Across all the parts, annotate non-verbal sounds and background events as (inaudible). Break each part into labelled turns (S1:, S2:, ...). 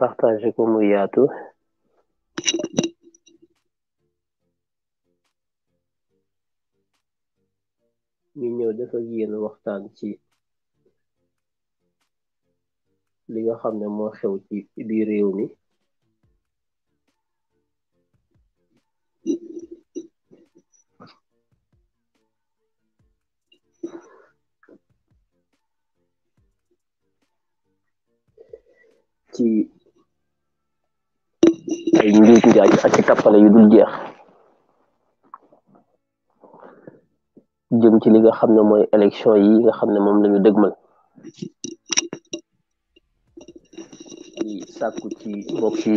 S1: Partager como hiato. ñu ñëw def ak yéen waxtaan ci li nga xam ne xew ci mi ci ay njuuj njaaj ak i tappale yu dul jeex jëm ci li nga xam ne mooy élection yi nga xam ne moom la ñu dëgmal di sàkku ci mbokk yi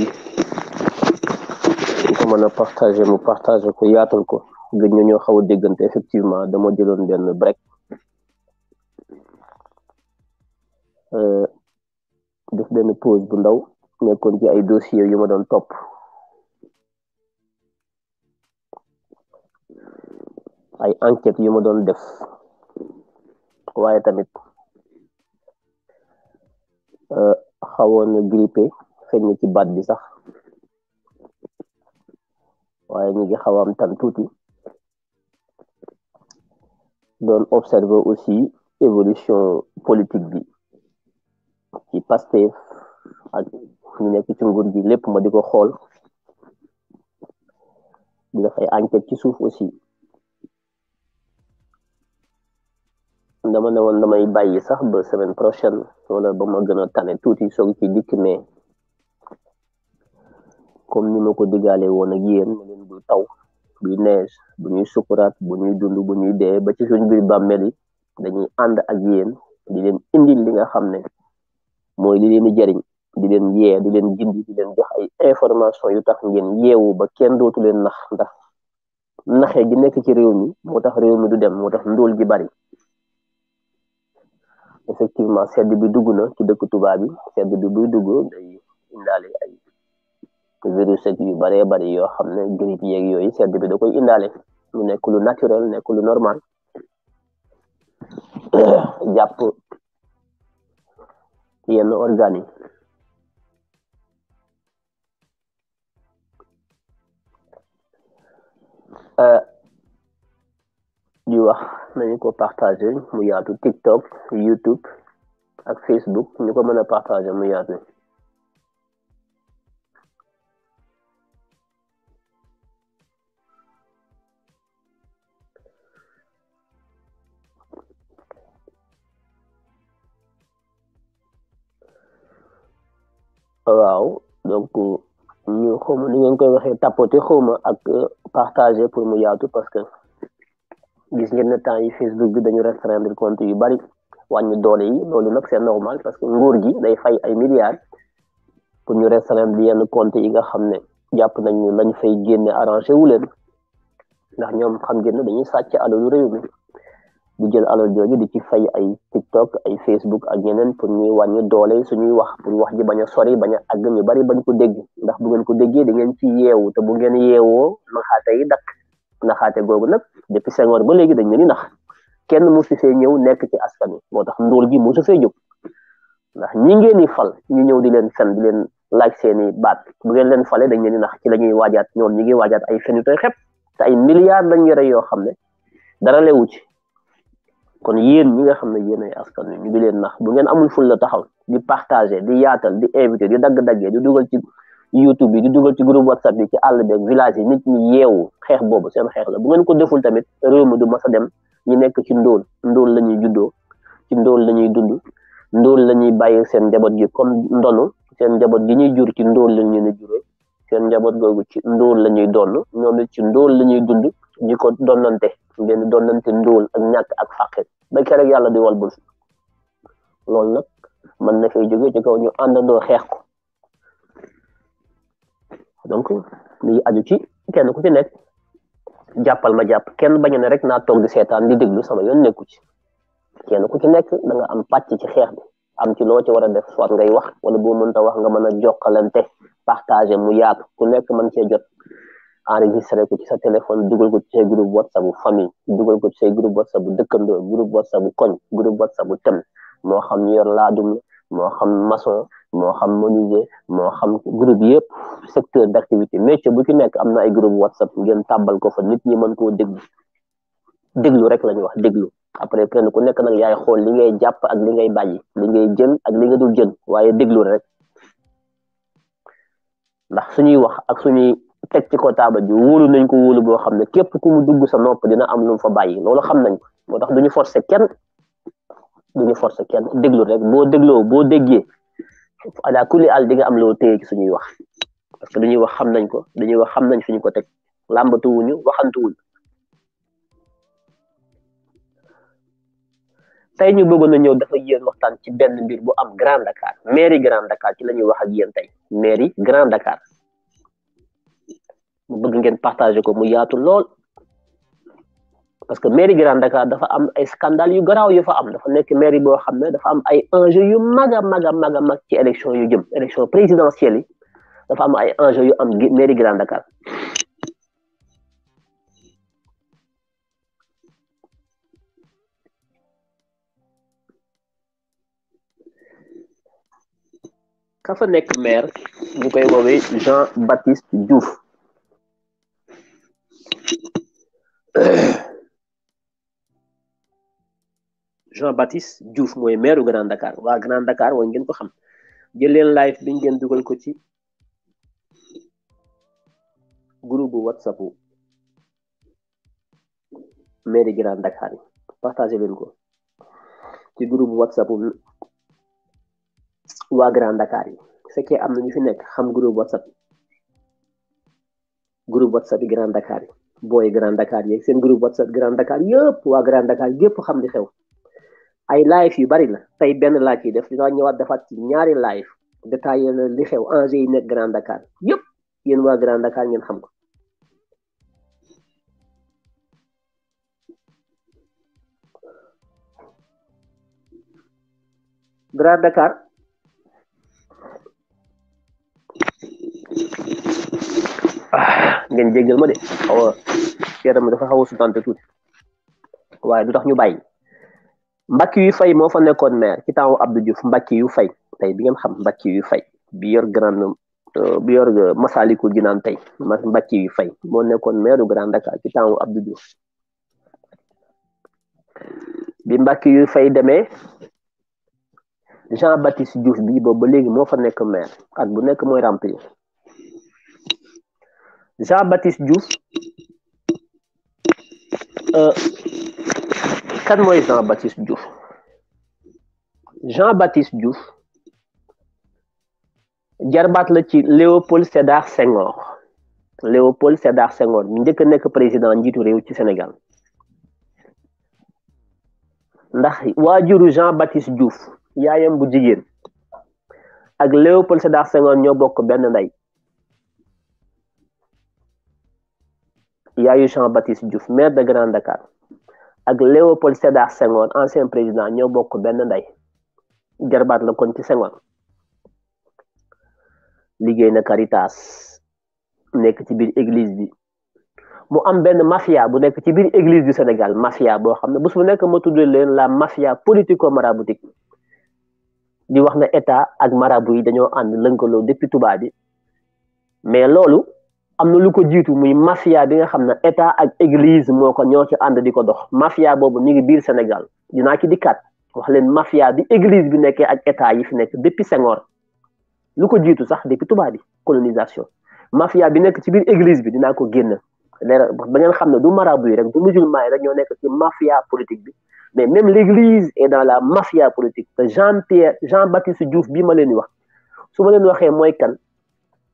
S1: ñu ko mën a partager mu partager ko yaatal ko gën ñu ñoo xaw a déggante effectivement dama jëloon benn break euh, def benn pause bu ndaw nekkoon ci ay dossier yu ma doon topp ay enquête yu ma doon def waaye tamit euh, xawoon na grippé feeñ ci baat bi sax waaye ñu ngi xaw am tan tuuti doon observer aussi évolution politique bi ci Pastef ak ñu nekk ci nguur gi lépp ma di ko xool di def enquête ci suuf aussi nda ma ne woon damay bàyyi sax ba semaine prochaine wala ba ma gëna a tane tuuti soog ci dik mais comme ni ma digalé won ak yeen ma len du taw buy neige bu ñuy sukurat bu ñuy dund bu ñuy dé ba ci suñu bir bameli dañuy and ak yeen di len indi li nga xamné moy li leen jariñ di len yé di len gindi di len jox ay information yu tax ngeen yeewu ba kenn dootu len nax ndax naxé gi nekk ci réew mi motax réew mi du dem motax ndol gi bari effectivement sedd bi dugg na ci dëkk tubaab bi sedd bi buy dugg day indaale virus ak yu baree bari yoo xam ne grippe yeeg yooyu sedd bi da koy indaale mu nekk lu naturel nekk lu normal (coughs) jàpp yenn organique yi euh, di wax nañu ko partagé mu TikTok YouTube ak Facebook ñu ko mën a partagé mu yaatu waaw donc ñu xawma ni ngeen koy waxee tapoté xawma ak euh, gis ngeen ne temps yi Facebook bi dañu restreindre compte yu bari wàññi doole yi loolu nag c' est normal parce que nguur gi day fay ay milliards pour ñu restreindre yenn compte yi nga xam ne jàpp nañ ñu lañ fay génne arrangé wu leen ndax ñoom xam ngeen ne dañuy sàcc alalu réew mi di jël alal jooju di ci fay ay tiktok ay facebook ak ñeneen pour ñuy wàññi doole yi suñuy wax pour wax ji bañ a sori bañ a àgg ñu bari bañ ko dégg ndax bu ngeen ko déggee di ngeen ci yeewu te bu ngeen yeewoo naxaate yi dakk naxaate googu nag depuis Senghor ba léegi dañ leen di nax kenn mosu see ñëw nekk ci askan wi moo tax ndóol gi mosu fee jóg ndax ñi ngeen di fal ñu ñëw di leen fen di leen laaj seeni baat bu ngeen leen falee dañ leen di nax ci lañuy ñuy waajaat ñoom ñi ngi waajaat ay fen yu tey xep te ay milliards lañ yore yoo xam ne dara lewu ci kon yéen ñi nga xam ne yéen ay askan wi ñu di leen nax bu ngeen amul ful la taxaw di partager di yaatal di invité di dagg-daggee di dugal ci YouTube bi di dugal ci groupe WhatsApp bi ci àll beeg village yi nit ñi yeewu xeex boobu seen xeex la bu ngeen ko deful tamit réew mi du mas a dem ñu nekk ci ndóol ndóol lañuy juddoo ci ndóol la ñuy dund ndóol la ñuy bàyyi seen njaboot gi comme ndonu seen njaboot gi ñuy jur ci ndóol la ñu ne seen njaboot googu ci ndóol la ñuy donn ñoom it ci ndóol la ñuy dund di ko donnante ngeen donnante ndóol ak ñàkk ak fàqe ba keroog yàlla di wal bul loolu nag mën na fay jóge ci kaw ñu àndandoo xeex ko donc li aju ci kenn ku ci nekk jàppal ma jàpp kenn bañ ne rek naa toog di seetaan di déglu sama yoon nekku ci kenn ku ci nekk da nga am pàcc ci xeex bi am ci loo ci war a def soit ngay wax wala boo mënta wax nga mën a jokkalante partager mu yaatu ku nekk mën cee jot enregistré ko ci sa téléphone dugal ko ci say groupe whatsapp bu famille dugal ko ci say groupe whatsapp bu dëkkandoo groupe whatsapp bu koñ groupe whatsapp bu tem moo xam ñu yor laadum moo xam maçon moo xam menuisier moo xam groupe yëpp secteur d' activité métier bu ci nekk am na ay groupe whatsapp ngeen tàbbal ko fa nit ñi mën koo déglu déglu rek la wax déglu après kenn ku nekk nag yaay xool li ngay jàpp ak li ngay bàyyi li ngay jël ak li nga du jël waaye déglu rek ndax suñuy wax ak suñuy teg ci ko taabal ji wóolu nañ ko wóolu boo xam ne képp ku mu dugg sa nopp dina am lu fa bàyyi loolu xam nañ ko moo tax du ñu forcer kenn du ñu forcer kenn déglu rek boo dégloo boo déggee. ala kulli al di nga am loo téye su ñuy wax parce que duñuy wax xam nañ ko duñuy wax xam nañ fi ko teg làmbatuwuñu waxantuwuñu tey ñu bëggoon na ñëw dafa yéen waxtaan ci benn mbir bu am Grand Dakar mairie Grand Dakar ci la wax ak yéen tey mairie Grand Dakar mu bëgg ngeen partagé ko mu yaatu lool parce que mairie Grand Dakar dafa am ay scandale yu graw yu fa am dafa nek mairie bo xamne dafa am ay enjeux yu maga maga maga a mag ci election yu jëm election présidentielle dafa am ay enjeux yu am mairie Grand Dakar kafa nek maire ñu koy wowe Jean Baptiste Diouf Jean Baptiste Diouf moy maire Grand Dakar wa Grand Dakar woon ngeen ko xam jël leen live bi ngeen duggal ko ci groupe bu whatsapp mairie Grand Dakar partagez len ko ci groupe whatsapp wa Grand Dakar yi fekke amna ñu fi nek xam groupe whatsapp groupe whatsapp yi Grand Dakar boy Grand Dakar yi sen groupe whatsapp Grand Dakar yëpp wa Grand Dakar yëpp xam li xew. ay live yu bari la tey benn laaj yi def dinaa ñëwaat defaat ci ñaari live détaillé na li xew enjeu yi nekk Grand Dakar yëpp yéen Grand Dakar ngeen xam ko. Grand ah, ngeen jéggal ma de xaw a yaram dafa xaw a sutante waaye du tax ñu bàyyi. mbakki yu fay moo fa nekkoon maire ci temps Abdou Diouf mbakki yu fay tey bi ngeen xam mbakki yu fay bi yor grand euh, bi yor euh, Masaalikul Jinaan yu fay moo nekkoon maire Grand Dakar ci temps Abdou Diouf bi mbakki yu fay deme Jean Baptiste Diouf bi boobu ba léegi moo fa nekk maire at bu nekk mooy remplir Jean Baptiste Diouf euh, kan mooy Jean Baptiste Diouf Jean Baptiste Diouf jarbaat la ci Léopold Sédar Senghor Léopold Sédar Senghor njëkk a nekk président njiitu réew ci Sénégal ndax waajuru Jean Baptiste Diouf yaayam bu jigéen ak Léopold Sédar Senghor ñoo bokk benn ndey yaayu Jean Baptiste Diouf maire de Grand Dakar. ak Léopold Sédar Senghor ancien président ñoo bokk benn ndey jarbaat la kon ci Senghor liggéey na Caritas nekk ci biir église bi mu am benn mafia bu nekk ci biir église du Sénégal mafia boo xam ne bés bu nekk ma tuddee leen la mafia politico maraboutique di wax na état ak marabu yi dañoo ànd lënkaloo depuis tubaab bi mais loolu am na lu ko jiitu muy mafia bi nga xam ne état ak église moo ko ñoo ci ànd di ko dox mafia boobu mi ngi biir Sénégal dinaa ci dikkaat wax leen mafia bi église bi nekkee ak état yi fi nekk depuis Senghor lu ko jiitu sax depuis tubaab bi colonisation mafia bi nekk ci biir église bi dina ko génn leer ba ngeen xam ne du mara yi rek du musulman yi rek ñoo nekk ci mafia politique bi mais même l'église est dans la mafia politique te Jean Pierre Jean bii ma leen di wax su ma leen waxee mooy kan.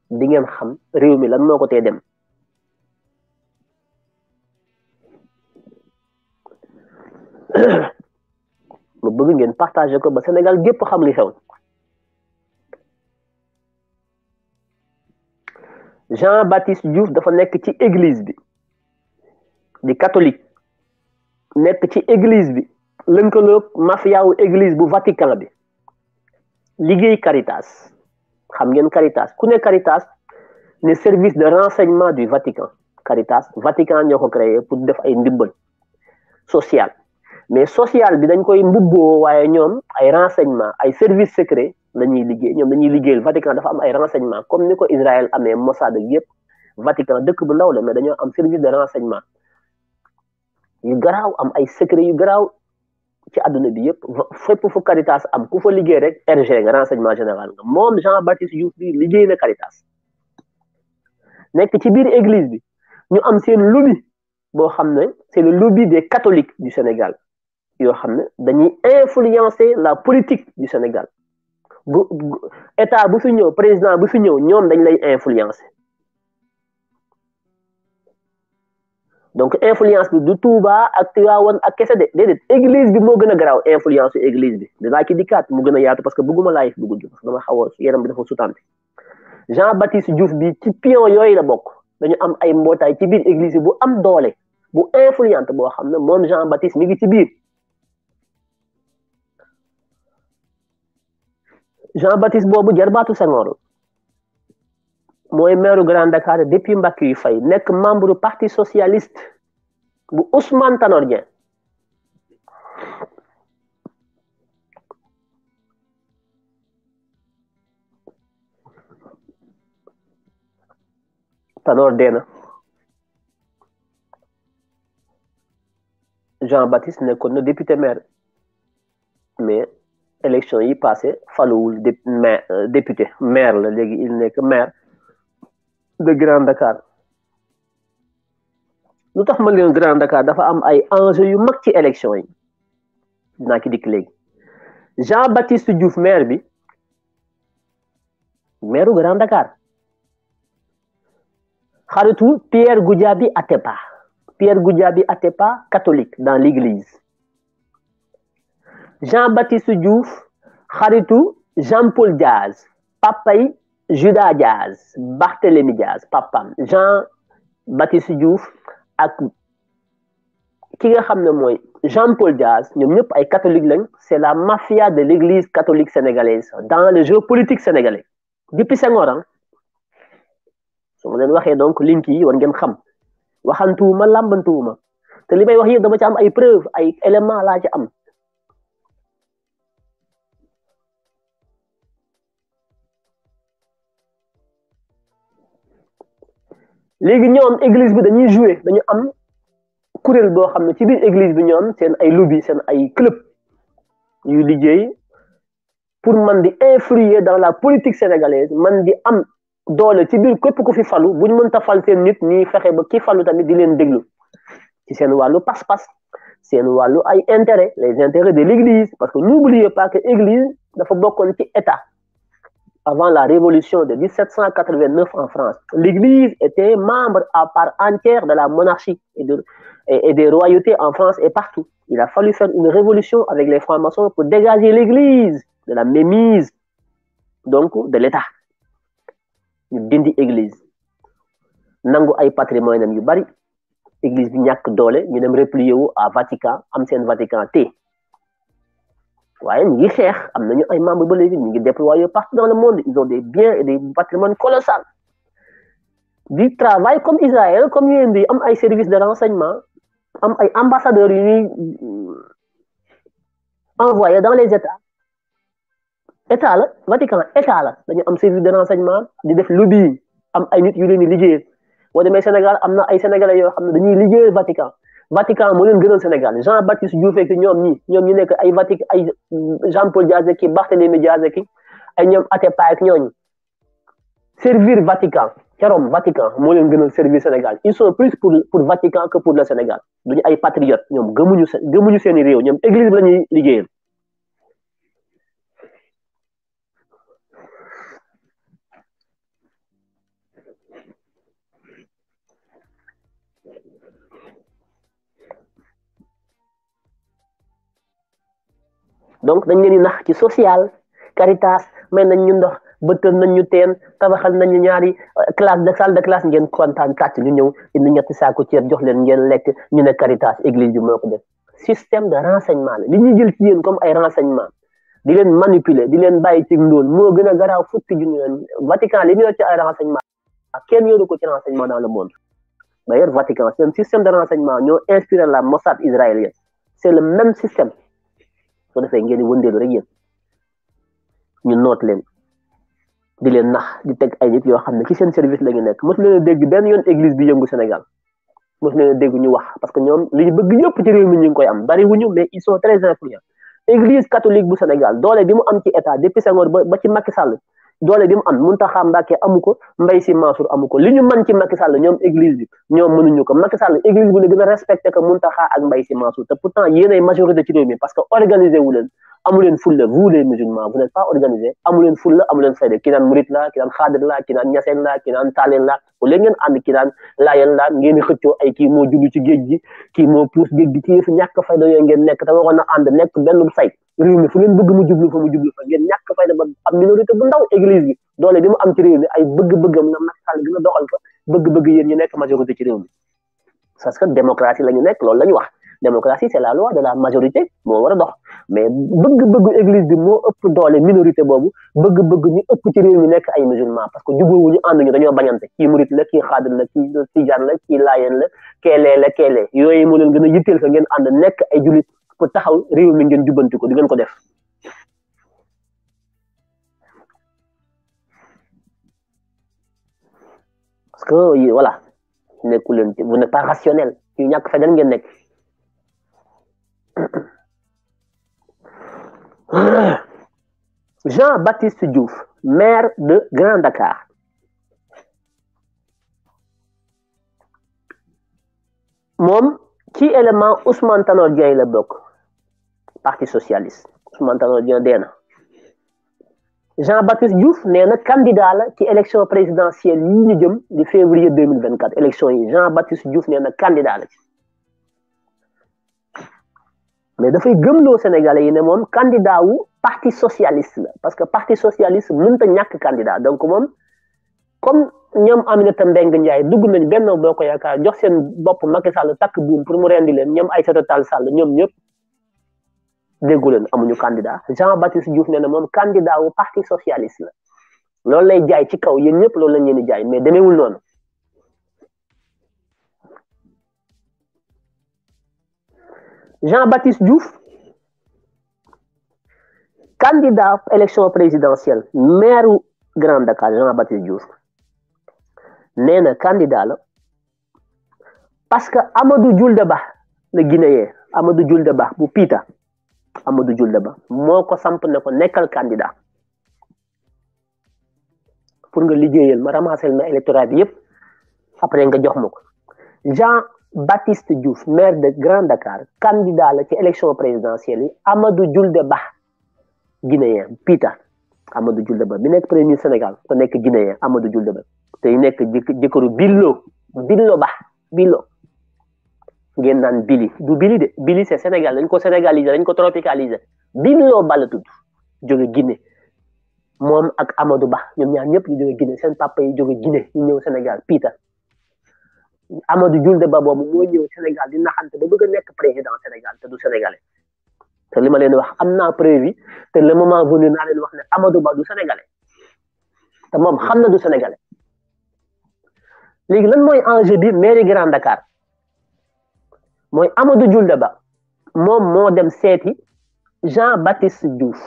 S1: di ngeen xam réew mi lan moo ko tee dem (coughs) ma bëgg ngeen partagé ko ba Sénégal gépp xam li xew Jean-Baptiste Diouf dafa nekk ci église bi di katolik nekk ci église bi lënkaloog mafia wu église bu Vatican bi liggéey Caritas xam ngeen Caritas ku ne Caritas ne service de renseignement du Vatican Caritas Vatican ñoo ko créé pour def ay ndimbal sociale mais sociale bi dañ koy mbubboo waaye ñoom ay renseignement ay service secret la ñuy liggéey ñoom dañuy liggéeyal Vatican dafa am ay renseignement comme ni ko Israël amee Mossad de yëpp Vatican dëkk bu ndaw la mais dañoo am service de renseignement yu garaaw am ay secret yu garaw ci aduna bi yëpp fépp fu Caritas am ku fa liggéey rek RG nga renseignement général nga moom Jean Baptiste Diouf bi liggéey na Caritas nekk ci biir église bi ñu am seen lobby boo xam ne c'est le lobby des catholiques du Sénégal yoo xam ne dañuy influencer la politique du Sénégal bu état bu fi ñëw président bu fi ñëw ñoom dañ lay influencer donc influence bi du Touba ak Tivaouane ak kese de déedéet église bi moo gën a garaaw influence su église bi dinaa ci dikkaat mu gën a yaatu parce que bëgguma laayif bu gudd parce que dama xaw a yaram bi dafa sutante Jean Baptiste Diouf bi ci pion yooyu la bokk dañu am ay mbootaay ci biir église bu am doole bu influente boo xam ne moom Jean Baptiste mi ngi ci biir Jean Baptiste boobu jarbaatu Senghor mooy maire Grand Dakar depuis Mbackiyou Faye nekk membre parti socialiste bu Ousmane Tanor Dieng Tanor dee na Jean-Baptiste nekkoon na député maire mais élection yi passé faluwul euh, député maire la léegi il nekk maire de Grand Dakar Nous tax ma Grand Dakar dafa am ay enjeu yu mag ci élection yi dinaa ki dik léegi Jean Baptiste Diouf maire bi Grand Dakar xaritu Pierre Goudiaby Atepa Pierre Goudiaby Atepa catholique dans l'église Jean Baptiste Diouf xaritu Jean Paul Diaz papay Judas Diaz Barthélémy Diaz papam Jean Baptiste Diouf ak ki nga xamne moy Jean Paul Diaz ñom ñëpp ay catholique lañ c'est la mafia de l'église catholique sénégalaise dans le jeu politique sénégalais depuis Senghor ah su ma leen waxee donc link yi war ngeen xam waxantuwuma làmbantuwuma te li may wax yëpp dama ci am ay preuve ay éléments laa ci am. léegi ñoom église bi dañuy jouer dañu am kuréel boo xam ne ci biir église bi ñoom seen ay lobby seen ay club yu liggéey pour man di influer dans la politique sénégalaise man di am doole ci biir képp ku fi falu buñ mën ta fal seen nit ñuy fexe ba ki falu tamit di leen déglu ci seen wàllu pas-pas seen wàllu ay intérêt les intérêts de l'église, parce que n'oubliez pas que église dafa bokkoon ci état avant la révolution de 1789 en France. L'Église était membre à part entière de la monarchie et, de, et, des royautés en France et partout. Il a fallu faire une révolution avec les francs-maçons pour dégager l'Église de la mémise, donc de l'État. Une dindi église nangu ay patrimoine yu bari église bi ñak doole ñu dem à Vatican am Vatican T dans le monde ils ont des biens et des patrimoines colossal ils travail comme Israël comme services de renseignement am ambassadeurs euh, envoyé dans les états États, Vatican état la a service de renseignement des lobby Sénégal Vatican. Vatican moo leen gënal Sénégal Jean Baptiste Diouf ak ñoom ñi ñoom ñu nekk ay Vatican ay Jean Paul Diaz ak Barthélémy Diaz ki ay ñoom Atepa ak ñooñu servir Vatican keroom Vatican moo leen gënal servir Sénégal ils sont plus pour pour Vatican que pour le Sénégal duñu ay patriotes ñoom gëmuñu seen gëmuñu seeni réew ñoom église bi la ñuy liggéeyal donc dañ leen di nax ci social caritas may nañ ñu ndox bëttal nañ ñu teen tabaxal nañ ñu ñaari euh, classe de salle de classe ngeen kontaan tàcc ñu ñëw indi ñetti saako ceeb jox leen ngeen lekk ñu ne caritas église bi moo ko def système de renseignement la li ñu jël ci yéen comme ay renseignement di leen manipuler di leen bàyyi ci ndóol moo gën a garaaw fukki junni leen vatican li ñu yor ci ay renseignement kenn yoru ko ci renseignement dans le monde d'ailleurs vatican seen système de renseignement ñoo inspiré la mossad israélien c'est le même système ko defee ngeen di wëndeelu rek yéen ñu noot leen di leen nax di teg ay nit yoo xam ne ci seen service la ñu nekk mosu leen a dégg benn yoon église bi yëngu Sénégal mosu leen a dégg ñu wax parce que ñoom li ñu bëgg ñëpp ci réew mi ñu koy am bari wuñu mais ils sont très influents église catholique bu Sénégal doole bi mu am ci état depuis Senghor ba ba ci Macky Sall doole bi mu am Mountakha Mbacké amu ko Mbaye Sy Mansour amu ko li ñu mën ci Macky Sall ñoom église bi ñoom mënuñu ko Macky Sall église bi la gën a respecté que Mountakha ak Mbaye Sy Mansour te pourtant yéenay majorité ci réew mi parce que organisé wu leen amu leen fulla vous les musulmans vous n'êtes pas organisé amu leen fulla amu leen ki naan murit la ki naan xaadir la ki naan ñaseen la ki naan taaleen la ku leen ngeen ànd ki naan laayeen la ngeen kii moo judd ci géej gi kii moo puus géej gi nekk te a ànd nekk benn say réew mi fu leen bëgg mu jublu fa mu jublu fa ngeen ñàkk fayda ba am minorité bu ndaw église bi doole bi mu am ci réew mi ay bëgg bëgg-bëgg ñu nekk majorité ci réew mi parce que démocratie la ñu nekk loolu la ñu wax démocratie c'est la loi de la majorité moo war a dox mais bëgg-bëggu église bi moo ëpp doole minorité boobu bëgg-bëgg ñu ëpp ci réew mi nekk ay musulman parce que jubóowuñu ànduñu dañoo bañante kii murit la kii xaadir la kii tijaan la kii laayeen la ko taxaw réew mi ngeen jubbanti di ngeen ko def parce que voilà nekku leen vous n'êtes pas rationnel yu ñak fay ngeen nek (coughs) Jean-Baptiste Diouf maire de Grand Dakar mom ci élément Ousmane Tanor Diaye la bokk parti socialiste Ousmane Tanor Dieng dee na Jean-Baptiste Diouf nee na candidat la ci élection présidentielle yi ñu jëm di février 2024 élection yi Jean-Baptiste Diouf nee na candidat la ci mais dafay gëmloo Sénégalais yi ne moom candidat wu parti socialiste la parce que parti socialiste mënta ñàkk candidat donc moom comme ñoom Aminata Mbengue Ndiaye dugg nañ Benno Bokk Yaakaar jox seen bopp Macky Sall takk buum pour mu rendi leen ñoom Aïssata Tall Sall ñoom ñëpp. déggu amuñu candidat Jean Baptiste Diouf nee mom candidat wu parti socialiste la loolu lay jaay ci kaw yeen ñëpp loolu lañ leen di jaay mais demeewul non Jean Baptiste Diouf candidat élection présidentielle maire Grand Dakar Jean Baptiste Diouf nee candidat la parce que Amadou djoul de Ba le Guinéen Amadou djoul de Ba bu Pita. Amadou Julde Ba moo ko samp ko nekkal candidat pour nga liggéeyal ma ramasel ma électorat bi yëpp après nga jox ma ko Jean Baptiste Diouf maire de Grand Dakar candidat la ci élection présidentielle yi Amadou Julde Ba guinéen Pita Amadou Julde Ba bi nekk premier Sénégal ko nekk guinéen Amadou Julde Ba te nekk jëkkëru Billo Billo Ba Billo ngeen naan bili du bili de bili c'est Sénégal dañ ko sénégaliser dañ ko tropicaliser Bilio Balla tudd jóge Guinée moom ak Amadou Ba ñoom ñaar ñëpp ñu jóge Guinée seen papa yi jóge Guinée ñu ñëw Sénégal piita Amadou Jules de Ba boobu moo ñëw Sénégal di naxante ba bëgg a nekk président Sénégal te du sénégalais te li ma leen wax am naa prévu te le moment venu naa leen wax ne Amadou Ba du sénégalais te moom xam na du sénégalais lan mooy enjeu bi mairie moy Amadou Julde Ba je suis dem seeti Jean Baptiste Diouf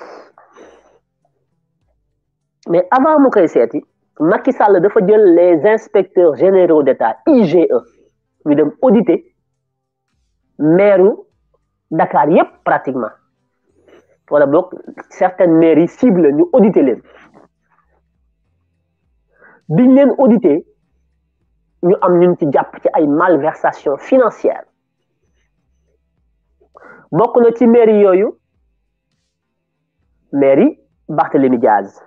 S1: mais avant mou koy je Macky Sall dafa jël les inspecteurs généraux d'État IGE ñu dem auditer maire Dakar yépp pratiquement wala certaines maires cibles cible ñu auditer leen biñ leen auditer avons am ñun ci japp ci ay malversations financières bokk na ci mairie yooyu mairie Barthélemy Diaz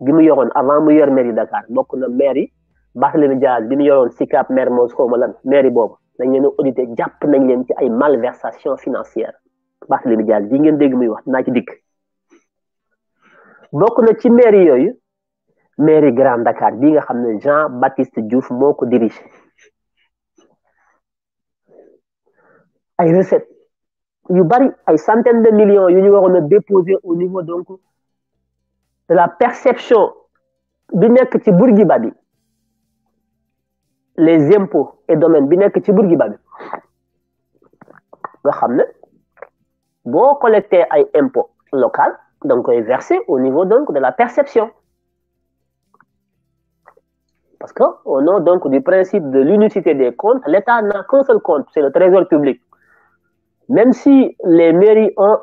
S1: bi mu yoroon avant mu yor mairie Dakar bokk na mairie Barthélemy Diaz bi mu yoroon Sicap Mermoz xaw ma lan mairie boobu dañ leen audité jàpp nañ leen ci ay malversation financière Barthélemy Diaz bi ngeen dégg muy wax dinaa ci dikk bokk na ci mairie yooyu mairie Grand Dakar bi nga xam ne Jean Baptiste Diouf moo ko dirige ay recette yu bari ay centaines de millions yu ñu waroon au niveau donc de la perception bi nekk ci Bourguiba les impôts et domaines bi nekk ci Bourguiba bi nga xam ne boo ay impôts local donc, koy verser au niveau donc de la perception parce que au nom donc du principe de l'unicité des comptes l'État n'a qu'un seul compte c'est le trésor public même si les mairies ont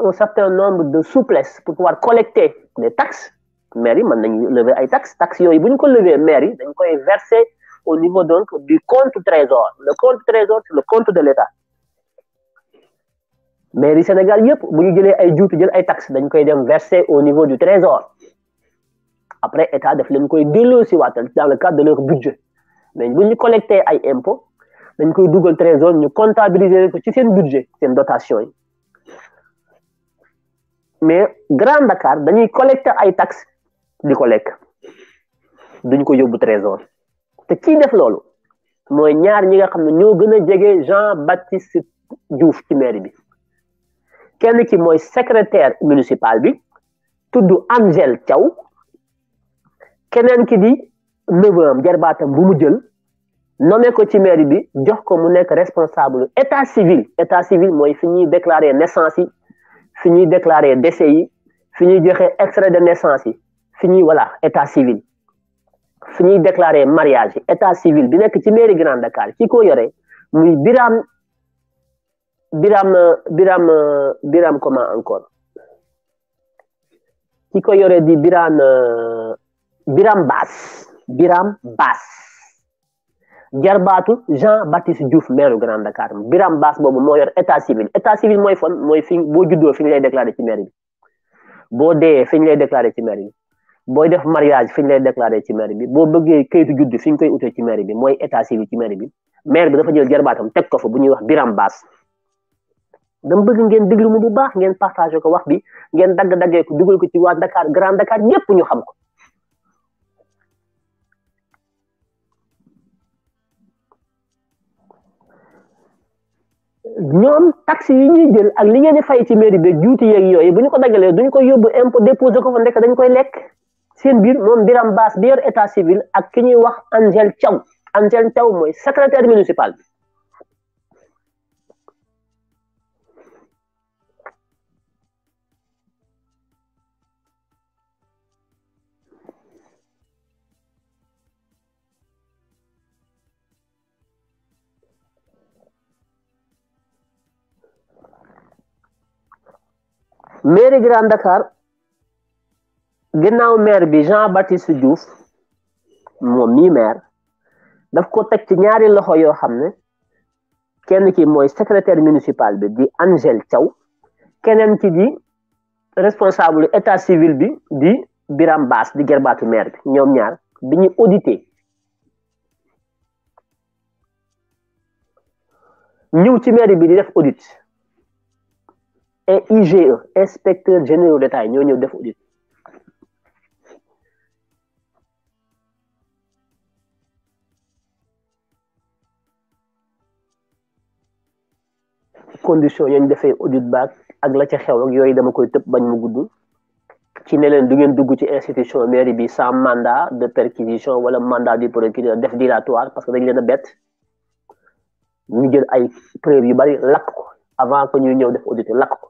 S1: un certain nombre de souplesse pour pouvoir collecter des taxes, mairie mairies nañu lever ay taxes taxes yooyu bu lever mairie dañ koy verser au niveau donc du compte trésor le compte trésor c'est le compte de l'État mairie Sénégal yep, ont ñu taxes dañ koy au niveau du trésor après état a fait koy delloo dans le cadre de leur budget mais bu ñu collecter ay impôts dañ koy dugal trésor ñu comptabiliser ko ci seen budget seen dotation yi mais Grand Dakar dañuy collecter ay taxes di ko lekk duñ ko yóbbu trésor te ki def loolu mooy ñaar ñi nga xam ne ñoo gën a jege Jean Baptiste Diouf ci mairie bi kenn ki mooy secrétaire municipal bi tudd Angèle Thiaw keneen ki di neveu am jarbaatam bu mu jël nommé ko ci maire bi jox ko mu responsable état civil état civil mooy fi ñuy déclarer naissance yi fi déclarer décès yi fi ñuy extrait de naissance yi voilà état civil fini ñuy déclarer mariage état civil bi nekk ci mairie Grand Dakar qui ko yore muy Biram Biram Biram Biram comment encore ki ko yore di Biram Biram Bass Biram Bass jarbaatu Jean Baptiste Diouf maire Grand Dakar Biram Baas boobu moo yor état civil état civil mooy fan mooy fi boo juddoo fi lay déclaré ci maire bi boo dee fi ñu lay déclaré ci maire bi booy def mariage fiñ ñu lay déclaré ci maire bi boo bëggee kayitu judd fi ñu koy utee ci maire bi mooy état civil ci maire bi maire bi dafa jël jarbaatam teg ko fa bu ñuy wax Biram Baas dama bëgg ngeen déglu mu bu baax ngeen partagé ko wax bi ngeen dagg-daggee dugal ko ci waa Dakar Grand Dakar ñu xam ko. ñoom taxi yi ñuy jël ak li ngeen di fay ci mairie bi juuti yeeg yooyu bu ñu ko daggalee duñ ko yóbbu impôt déposé ko fa ndekk dañ koy lekk seen biir moom Biram Baas bi yor état civil ak ki ñuy wax Angel Thiaw Angel Thiaw mooy secrétaire municipal bi maire Grand Dakar ginnaaw maire bi Jean Baptiste Diouf moom mii maire daf ko teg ci ñaari loxo yoo xam ne kenn ki mooy secrétaire municipal bi di Angèle Thiaw keneen ki di responsable état civil bi di Biram Baas di gerbaatu maire bi ñoom ñaar bi ñu audité ñëw ci maire bi di def audit et IGE inspecteur généraux d'État yi ñoo ñëw def audit condition yañ defee audit baag ak la ca xew ak yooyu dama koy tëb bañ mu gudd ci ne leen du ngeen dugg ci institution mairie bi sans mandat de perquisition wala mandat du procureur def dilatoire parce que dañ leen a bett ñu jël ay preuve yu bari lakk ko avant que ñuy ñëw def audit lakk ko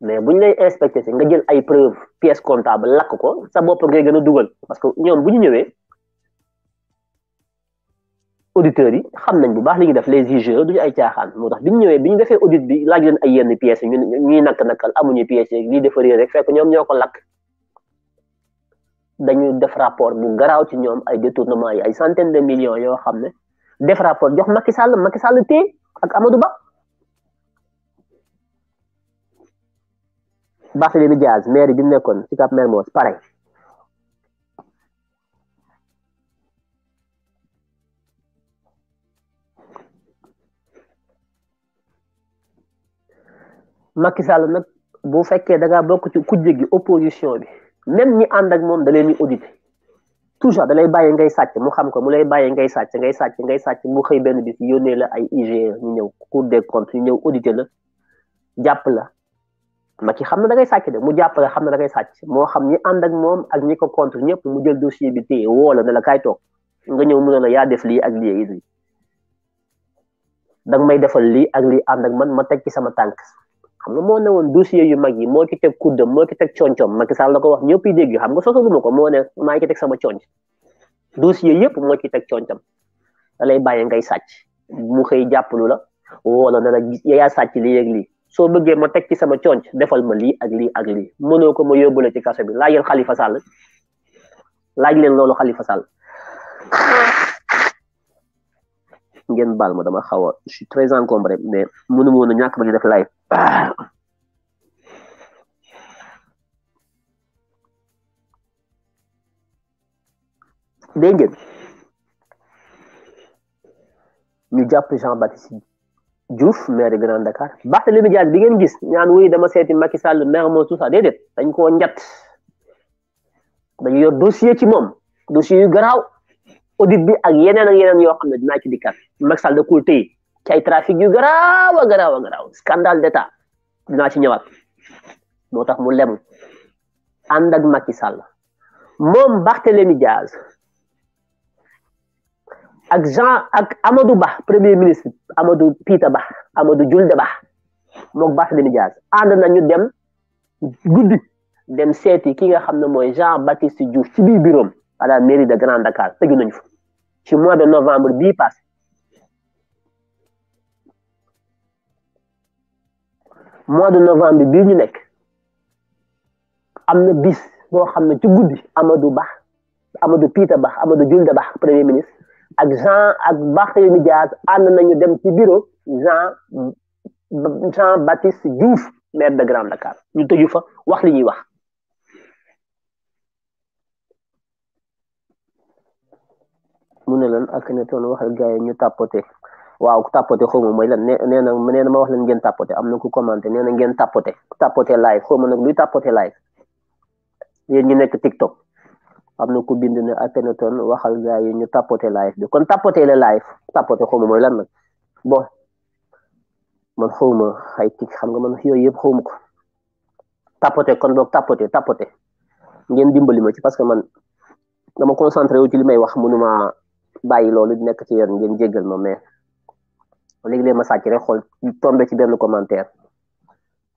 S1: mais bu ñu lay inspecté si nga jël ay preuve pièce comptable lakk ko sa bopp ngay gën a dugal parce que ñoom bu ñu ñëwee auditeurs yi xam nañ bu baax li ñuy def les juges duñu ay caaxaan moo tax bi ñu ñëwee bi ñu defee audit bi laaj leen ay yenn pièces yi ñuy nakk nakkal amuñu pièces yi lii dafa réer rek fekk ñoom ñoo ko lakk dañuy def rapport bu garaaw ci ñoom ay détournement yi ay centaine de million yoo xam ne def rapport jox Macky Sall Macky Sall téye Barthélémy Diaz maire bi mu nekkoon ci Cap Mermoz pare Macky Sall nag bu fekkee da ngaa bokk ci kujje gi opposition bi même ñi ànd ak moom da leen ñu audité toujours da lay bàyyi ngay sàcc mu xam ko mu lay bàyyi ngay sàcc ngay sàcc ngay sàcc mu xëy benn bis yónnee la ay IGE ñu ñëw Cour des comptes ñu ñëw audité la jàpp la Macky xam na da ngay sàcc de mu jàppale xam na da ngay sàcc moo xam ñi ànd ak moom ak ñi ko contre ñëpp mu jël dossier bi téye woo la ne la kaay toog nga ñëw mu ne la yaa def lii ak lii lii may defal lii ak lii ak man ma teg ci sama tànk xam moo ne woon dossier yu mag yi moo ci teg kuddam moo ci teg coñcoom Macky Sall la ko wax ñëpp yi dégg xam nga sosaluma ko moo ne maa ci teg sama coñc dossier yëpp moo ci teg coñcam da lay bàyyi ngay sàcc mu xëy jàppalu la woo la ne la sàcc lii ak lii. soo bëggee ma teg ci sama conc defal ma lii ak lii ak lii mënoo ko ma yóbbule ci kaso bi laaj leen Khalifa Sall laaj leen loolu Khalifa Sall ngeen baal ma dama xaw a je suis très encombré mais mënu ma ñàkk ba ñu def live dégg ñu jàpp Jean Baptiste Diouf maire de Grand Dakar Barthélémy Dias bi ngeen gis ñaan wuy dama seeti Macky Sall maire moo tout ça déedéet dañ koo njat dañu yor dossier ci moom dossier yu garaaw audit bi ak yeneen yeneen yoo xam ne dinaa ci dikkaat Macky Sall da koo téye ci ay yu garaaw a garaaw a garaaw scandale d'état dinaa ci ñëwaat moo tax mu lemu ànd ak Macky Sall moom leen Dias ak Jean ak Amadou Ba premier ministre Amadou Pita Ba Amadou Julde Ba moom Barthélémy Dias ànd nañu dem guddi dem seeti ki nga xam ne mooy Jean Baptiste Diouf ci biir bureau à la mairie de Grand Dakar tëju nañu fa ci mois de novembre bii passé mois de novembre bii ñu nekk am na bis boo xam ne ci guddi Amadou Ba Amadou Pita Ba Amadou Julde Ba premier ministre ak Jean ak Barthélémy Dias ànd nañu dem ci bureau Jean Jean Baptiste Diouf maire de Grand Dakar ñu tëju fa wax li ñuy wax mu ne leen ak ne toon waxal gars yi ñu tàppote waaw tàppote xawma mooy lan nee nee na nee na ma wax leen ngeen tàppote am na ku commenté nee na ngeen tàppote tàppote live xawma nag luy tàppote live yéen ñu nekk TikTok xam na ku bind ne Akhenaton waxal gaa yi ñu tapoté live bi kon tapoté la live tapoté xawma mooy lan nag bon man xawma xay kii xam nga man yooyu yëpp xawma ko tapoté kon boog tapoté tapoté ngeen dimbali ma ci parce que man dama concentré wu ci li may wax mënuma bàyyi loolu nekk ci yoon ngeen jéggal ma mais léegi leen ma sàcc rek xool tombé ci benn commentaire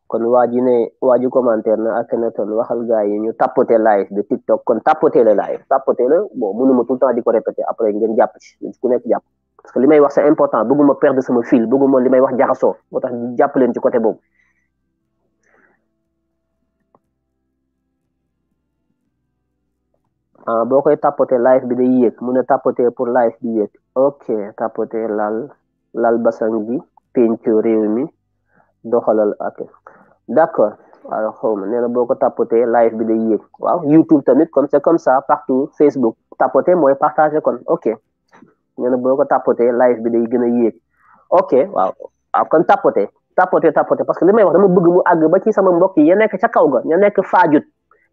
S1: kon waji ne waji commentaire na ak na tol waxal gaay ñu tapoté live de tiktok kon tapoté le live tapoté le bon mënuma tout temps di ko après ngeen japp ci ku nekk japp parce que limay wax c'est important bëgguma perdre sama fil bëgguma limay wax jaxaso motax japp leen ci côté boobu ah boo tapoté live bi day yéeg mu ne tapoté pour live bi yéeg ok tapoté lal lal basang bi penc mi doxalal ak d'accord alors xawma ma nee na live bi day yek waaw youtube tamit comme c'est comme ça partout facebook tapoté moy partager kon ok nee na boo live bi day gëna yek ok waaw waaw ah, kon tapoté tapoté tapoté parce que limay wax dama bëgg mu ag ba ci sama mbokk ya nek ca kaw ga ya nek fajut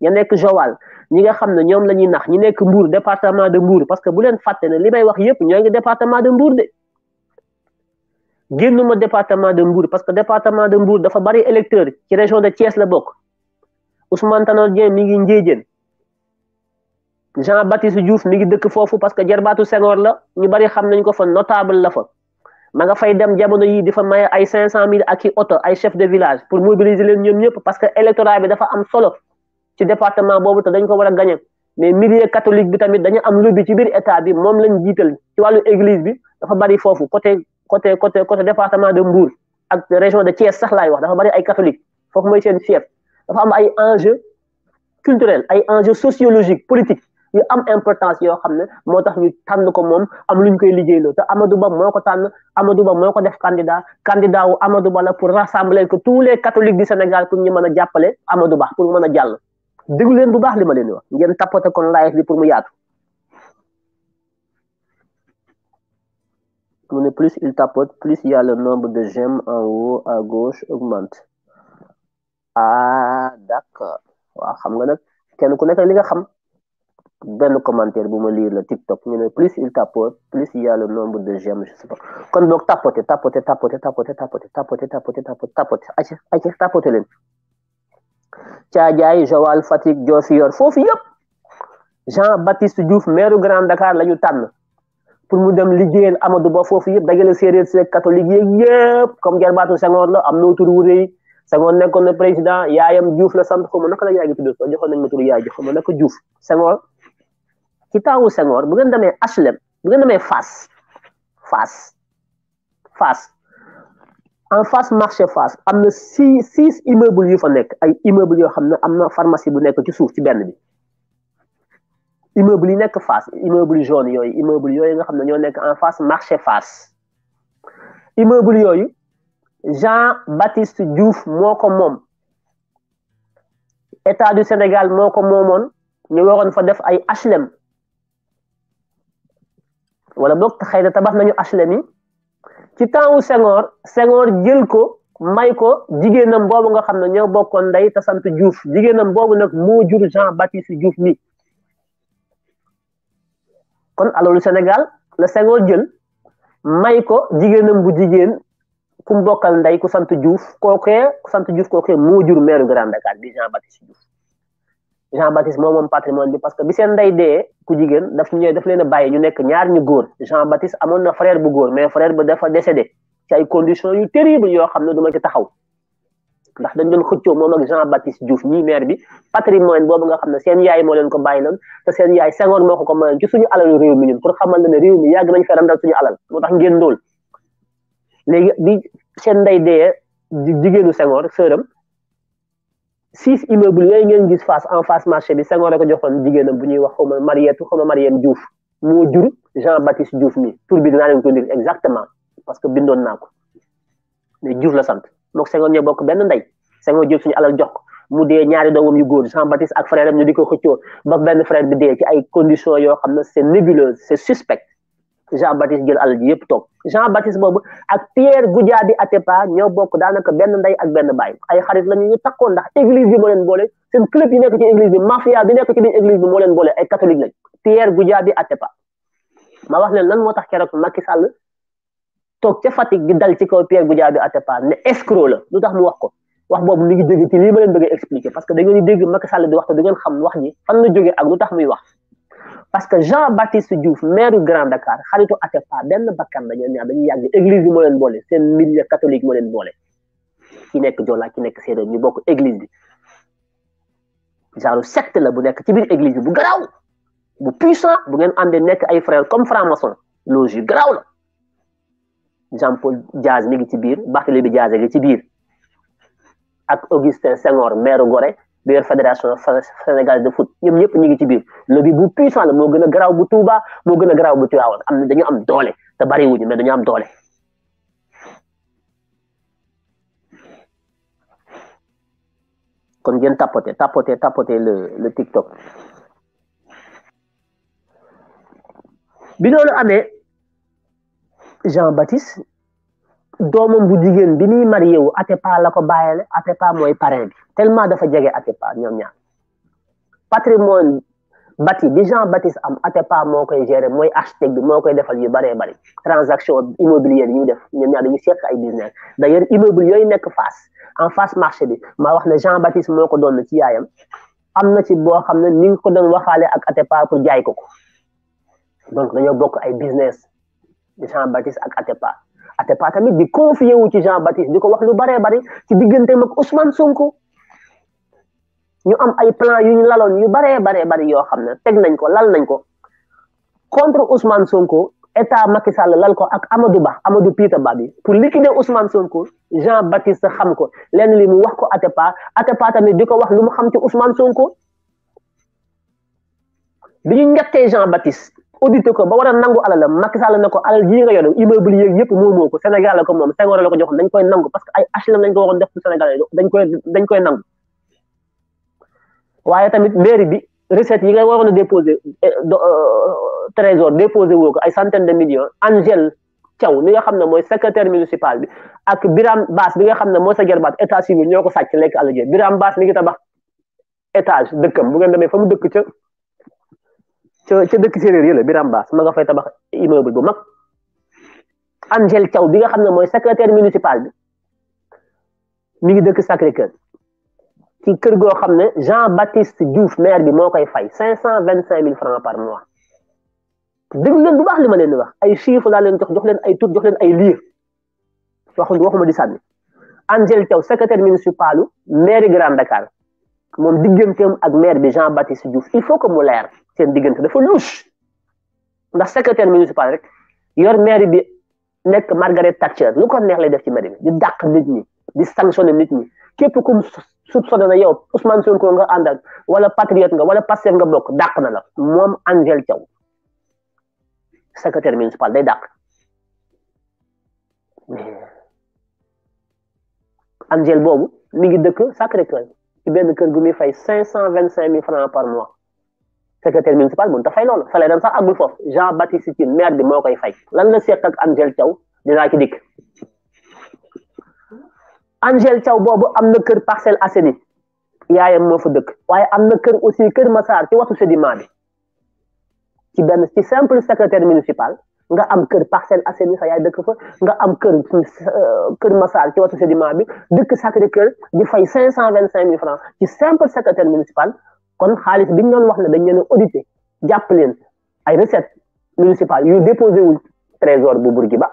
S1: ya nek jowal ñi nga xamne ñom lañuy nax ñi nek mbour département de mbour parce que bu len fàtte ne limay wax yépp nga département de mbour de din département de Mbour parce que département de Mbour dafa bari electori care région de Thiès la bokk de Tanor Dieng mi ngi Ndiédiène Jean Baptiste Diouf mi ngi dëkk pentru că que jarbaatu Senghor la ñu bari xam nañ ko notabil la fa ma nga fay dem jamono yii de fa maye ay cinq cent mille ak i chef de village pour mobiliser leen ñoom ñëpp parce que électorat bi dafa am solo ci département boobu te dañ ko war a gagné mais milieu catholique bi tamit dañu am lobby ci biir état bi moom lañ jiital ci wàllu église bi dafa bari foofu côté côté côté côté département de Mbour ak région de Thiès sax laay wax dafa bari ay catholique foofu mooy seen fief dafa am ay enjeux culturels ay enjeux sociologiques politique yu am importance yoo xam ne moo tax ñu tànn ko moom am lu ñu koy liggéeyloo te Amadou Ba moo ko tànn Amadou Ba moo ko def candidat candidat wu Amadou Ba la pour rassembler que tous les catholiques du Sénégal pour ñu mën a jàppale Amadou Ba pour mën a jàll déglu leen bu baax li ma leen di wax ngeen tapote kon live mu yaatu. plus il tapote, plus il y a le nombre de j'aime en haut à gauche augmente. ah d'accord waaw xam nga tu kenn ku nekk li nga xam benn commentaire bu lire le TikTok plus il tapote plus il y a le nombre de j'aime je sais pas kon donc tapote tapote tapote tapote tapote tapote tapote tapote tapote acca acca tapote leen Caajaay Joal Fatick Diofiyor foofu yëpp Jean Baptiste Diouf maire Grand Dakar la ñu pour mu dem liggéeyal Amadou Ba foofu yëpp dajale séeréer si catholique yeeg yëpp comme jarbaatu Senghor la am na tur wu rëy Senghor nekkoon na président yaayam Diouf la sant ko naka la yaay gi tudd soo joxoon nañ ma tur yaay jox ma naka Senghor ci taawu Senghor bu ngeen demee HLM bu ngeen demee Fass Fass Fass en face marché Fass am na six six immeubles yu fa nekk ay immeubles yoo xam ne am na pharmacie bu nekk ci suuf si benn bi. immeuble yi face immeuble jaune yooyu immeuble en face marché face immeuble Jean Baptiste Diouf moo ko état du Sénégal moo ko ñu waroon fa def ay HLM wala boog xëy na nañu HLM ci temps wu Senghor Senghor jël ko may ko Jean Baptiste Diouf mi. kon alalu Sénégal le Senghor jël may ko jigéenam bu jigéen ku mbokkal nday ku sant Diouf ku sant Diouf moo maire Grand Dakar di Jean Baptiste Diouf Jean Baptiste moom moom patrimoine bi parce que bi seen nday dee ku jigéen daf ñëw daf leen a ñu nekk ñaar ñu góor Jean Baptiste amoon na frère bu góor mais frère ba dafa décédé ci ay conditions yu terrible yoo xam ne ci taxaw ndax dañ doon xëccoo moom ak Jean Baptiste Diouf ñii maire bi patrimoine boobu nga xam ne seen yaay moo leen ko bàyyi loon te seen yaay Senghor moo ko ko mayoon ci suñu alalu réew mi ñun pour xamal ne réew mi yàgg nañ ferandal suñu alal moo tax ngeen ndóol léegi bi seen ndey dee jigéenu Senghor sëram six immeubles yooyu ngeen gis face en face marché bi Senghor a ko joxoon jigéenam bu ñuy wax xaw ma Mariette xaw ma Marième Diouf moo jur Jean Baptiste Diouf mi tur bi dinaa leen ko dir exactement parce que bindoon naa ko mais Diouf la sant mook Senghor ñoo bokk benn ndey Senghor jël suñu jox mu dee ñaari doomam yu góor Jean Baptiste ak frère am ñu di ko ba benn frère bi dee ci ay conditions yoo xam ne c' est nébuleux c' est suspect Jean Baptiste jël alal ji yëpp toog Jean Baptiste boobu ak Pierre Goudiaby Atepa ñoo bokk daanaka benn ndey ak benn baay ay xarit la ñu ñu takkoon ndax église bi moo leen boole seen club yi nekk ci église bi mafia bi nekk ci biir église bi moo leen boole ay catholique lañ Pierre ma wax leen lan moo tax keroog Macky Sall toog ca fatigue gi dal ci kaw Pierre Goudiaby Atepa ne escroc la lu tax mu wax ko wax boobu mi ngi jóge ci lii ma leen bëgg expliquer parce que da ngeen di dégg Macky Sall di wax te du ngeen xam wax ji fan la jóge ak lu tax muy wax parce que Jean Baptiste Diouf maire Grand Dakar xaritu Atepa benn bakkan la ñoom ñaar dañuy yàgg église bi moo leen boole seen milieu catholique moo leen boole ki nekk jola ki nekk Séeréer ñu bokk église bi genre secte la bu nekk ci biir église bi bu garaaw bu puissant bu ngeen àndee nekk ay frère comme franc-maçon loge yu garaaw la. Jean Paul Diaz mi ngi ci biir Barthélémy Diaz mi ngi ci biir ak Augustin Senghor maire Gorée bi yor fédération Sénégal de foot ñoom ñëpp ñu ngi ci biir lobby bu puissant la moo gën a garaaw bu Touba moo gën a garaaw bu Tivaouane am na dañu am doole te bari wuñu mais dañu am doole. kon ngeen tapoté tapoter tapoter le le TikTok bi amee. Jean Baptiste domam bu jigéen bi ni marié wu Atepa la ko bàyyale Atepa mooy parrain bi tellement dafa jege Atepa ñom ñaar patrimoine bâti bi Jean Baptiste am Atepa moo koy gérer moy architecte bi moo koy defal yu bëree bëri transaction immobilière ñu def ñom ñaar dañu seq ay business d'ailleurs immeuble yoy nek face en face marché bi ma wax ne Jean Baptiste moko don ci yayam amna ci bo xam ni ngi ko don waxaale ak Atepa pour jaay ko donc dañu bok ay business. di Jean Baptiste ak Atepa Atepa tamit di confier wu ci Jean Baptiste di ko wax lu baree bari ci digganteem ak Ousmane Sonko ñu am ay plan yu ñu laloon yu baree baree bari yoo xam ne teg nañ ko lal nañ ko contre Ousmane Sonko état Macky Sall lal ko ak Amadou Ba Amadou Pita Ba bi pour liquider Ousmane Sonko Jean Baptiste xam ko lenn li mu wax ko Atepa Atepa tamit di ko wax lu mu xam ci Ousmane Sonko bi ñu njattee Jean Baptiste. audité ko ba war a nangu alalam Macky Sall ko alal ji nga yor immeuble yeeg yëpp moo moo ko Sénégal la ko moom Senghor la ko joxoon nangu parce que ay HLM lañ ko waxoon def Sénégal dañ koy dañ koy nangu waaye tamit mairie bi recette yi nga waroon déposé eh, euh, trésor déposé woo ko ay centaine de millions Angèle Thiaw mi nga xam ne mooy secrétaire municipal bi ak Biram Baas bi nga xam ne mooy sa gerbaat état civil ñoo ko sàcc lekk àll jee Biram Baas mi ngi tabax étage dëkkam bu ngeen demee fa mu dëkk ca ca ca dëkk séeréer biram Biramba ma nga fay tabax immeuble bu mag Angèle Thiaw bi nga xam ne mooy secrétaire municipal bi mi ngi dëkk Sacré-Cœur ci kër goo xam ne Jean Baptiste Diouf maire bi moo koy fay cinq cent vingt cinq mille francs par mois déglu leen bu baax li ma leen di wax ay chiffres laa leen jox jox leen ay tur jox leen ay liir waxu waxuma di sànni Angèle Thiaw secrétaire municipalu maire Grand Dakar moom digganteem ak maire bi Jean Baptiste Diouf il faut que mu leer. seen diggante dafa louche ndax secrétaire municipal rek yor maire bi nekk Margaret Thatcher lu ko neex lay def ci maire bi di dàq nit ñi di sanctionné nit ñi képp ku soupçonné na yow Ousmane Sonko nga àndal wala patriote nga wala Pastef nga bokk dàq na la moom Angèle Thiaw secrétaire municipal day dàq Angèle boobu mi ngi dëkk Sacré-Cœur ci benn kër gu muy fay cinq cent vingt cinq mille francs par mois secrétaire municipal mënut a fay loolu salaire am sax àggul foofu Jean Baptiste Tine maire bi moo koy fay lan la seq ak Angèle Thiaw dinaa ci dikk Angèle Thiaw boobu am na kër Parcelles Assainies yaayam moo fa dëkk waaye am na kër aussi kër Massar ci waxtu sédiment bi ci benn ci simple secrétaire municipal nga am kër Parcelles Assainies sa yaay dëkk fa nga am kër euh, kër Massar ci waxtu sédiment bi dëkk sacré kër di fay cinq cent vingt cinq mille francs ci simple secrétaire municipal kon xaalis bi ñu doon wax ne dañ leen a audité jàpp leen ay recette municipale yu déposé wul trésor bu Bourguiba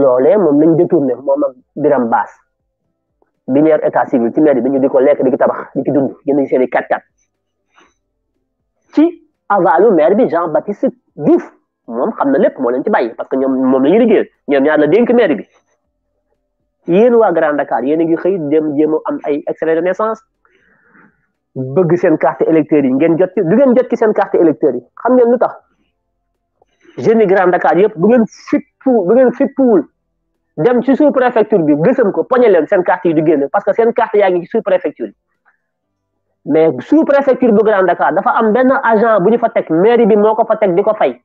S1: loolee moom lañ détourné moom ak Biram Baas bi maire état civil ci maire bi ñu di ko lekk di ki tabax di ki dund jënd seen i kat-kat ci avalu maire bi Jean Baptiste Diouf moom xam na lépp moo leen ci bàyyi parce que ñoom moom la ñuy liggéeyal ñoom ñaar la dénk maire bi yéen waa Grand Dakar yéen ngi xëy dem jéem am ay extrait de naissance bëgg seen carte électeur yi ngeen jot ci du ngeen jot ci seen carte électeur yi xam ngeen lu tax jeunes Grand Dakar yëpp bu ngeen fippu bu ngeen fippuwul dem ci sous préfecture bi gësëm ko poñe leen seen carte yi du génn parce que seen carte yaa ngi ci sous préfecture bi mais sous préfecture bu Grand Dakar dafa am benn agent bu ñu fa teg mairie bi moo ko fa teg di ko fay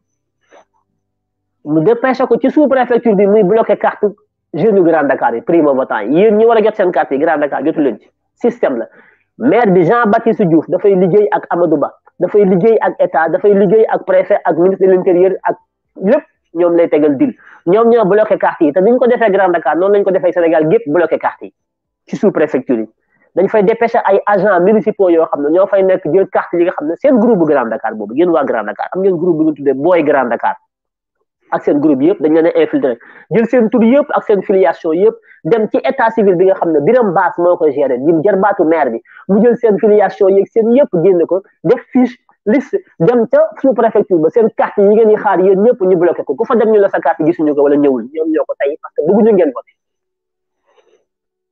S1: mu dépêché ko ci sous préfecture bi muy bloqué carte jeunes Grand Dakar yi primo votant war a jot seen carte yi leen ci la. maire bi Jean Baptiste Diouf dafay liggéey ak Amadou Ba dafay liggéey ak état dafay liggéey ak préfet ak ministre de l'intérieur ak lépp ñoom lay tegal dil ñoom ñoo bloqué carte yi te ni ñu ko defee Grand Dakar noonu lañu ko defee Sénégal gépp bloqué carte yi ci sous préfecture yi dañ fay dépêché ay agents municipaux yoo xam ne ñoo fay nekk jël carte yi nga xam ne seen groupe Grand Dakar boobu yéen waa Grand Dakar am ngeen groupe bi nga booy Grand Dakar ak seen groupe yëpp dañ leen a infiltré jël seen tur yëpp ak seen filiation yëpp dem ci état civil bi nga xam ne Biram Baas moo koy géré ñi jarbaatu maire bi mu jël seen filiation yeeg seen yëpp génne ko def fiche liste dem ca sous préfecture ba seen carte yi ngeen di xaar yéen ñëpp ñu bloqué ko ku fa dem ñu la sa carte gisuñu ko wala ñëwul ñoom ñoo ko tey parce que bëgguñu ngeen voté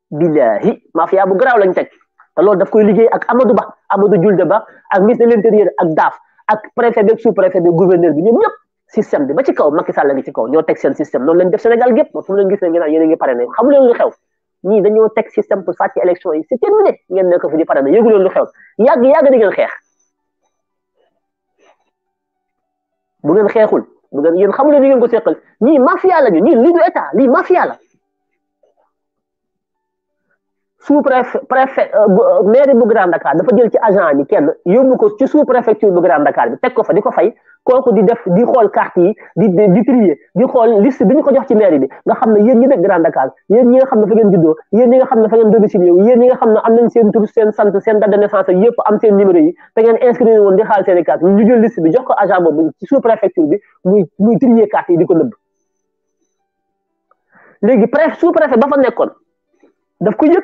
S1: billahi mafia bu garaaw lañ teg te loolu daf koy liggéey ak Amadou Ba Amadou Ba ak ministre de l'intérieur ak DAF ak préfet bi ak sous préfet bi gouverneur bi système bi ba ci kaw Macky Sall la ngi ci kaw ñoo teg seen système noonu lañ def Sénégal gépp fu a ngi pare ne xamu leen lu xew ñii dañoo teg système pour sàcc élection yi c'est terminé ngeen nekk fu di pare ne yëgu leen lu xew yàgg yàgg di ngeen xeex bu ngeen xeexul bu ngeen yéen xamu leen di ngeen ko seqal ñii mafia lañu ñii lii du état lii mafia la sous préfet préfet euh, euh, mairie bu Grand Dakar dafa jël ci agent bi kenn yóbbu ko ci sous préfecture bu Grand Dakar bi teg ko fa di ko fay kooku di def di xool carte yi di di trier di xool liste bi ñu ko jox ci mairie bi nga xam ne yéen ñi nekk Grand Dakar yéen ñi nga xam ne fa ngeen juddoo yéen ñi nga xam ne fa ngeen domicile yow yéen ñi nga xam ne am nañ seen tur seen sant seen date de naissance yëpp am seen numéro yi te ngeen inscrire woon di xaal seen i carte ñu jël bi jox ko agent boobu bi muy muy nekkoon daf ko yëg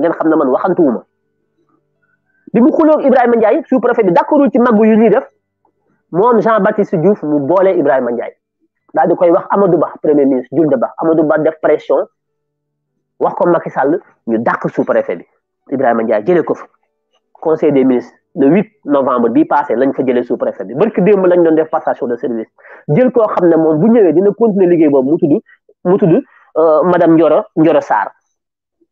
S1: ngeen xam ne man waxantuwuma bi mu xuloog Ibrahima Ndiaye sous préfet bi d'accordul ci màggu yu ñuy def moom Jean Baptiste Diouf mu boole Ibrahima Ndiaye daal di koy wax Amadou Ba premier ministre Jules de Ba Amadou Ba def pression wax ko Macky Sall ñu dàq sous préfet bi Ibrahima Ndiaye jëlee ko fa conseil des ministres le 8 novembre bi passé lañ fa jëlee sous préfet bi barki démb lañ doon def passation de service jël koo xam ne moom bu ñëwee dina continuer liggéey boobu mu tudd mu tudd madame Ndioro Ndioro Sarr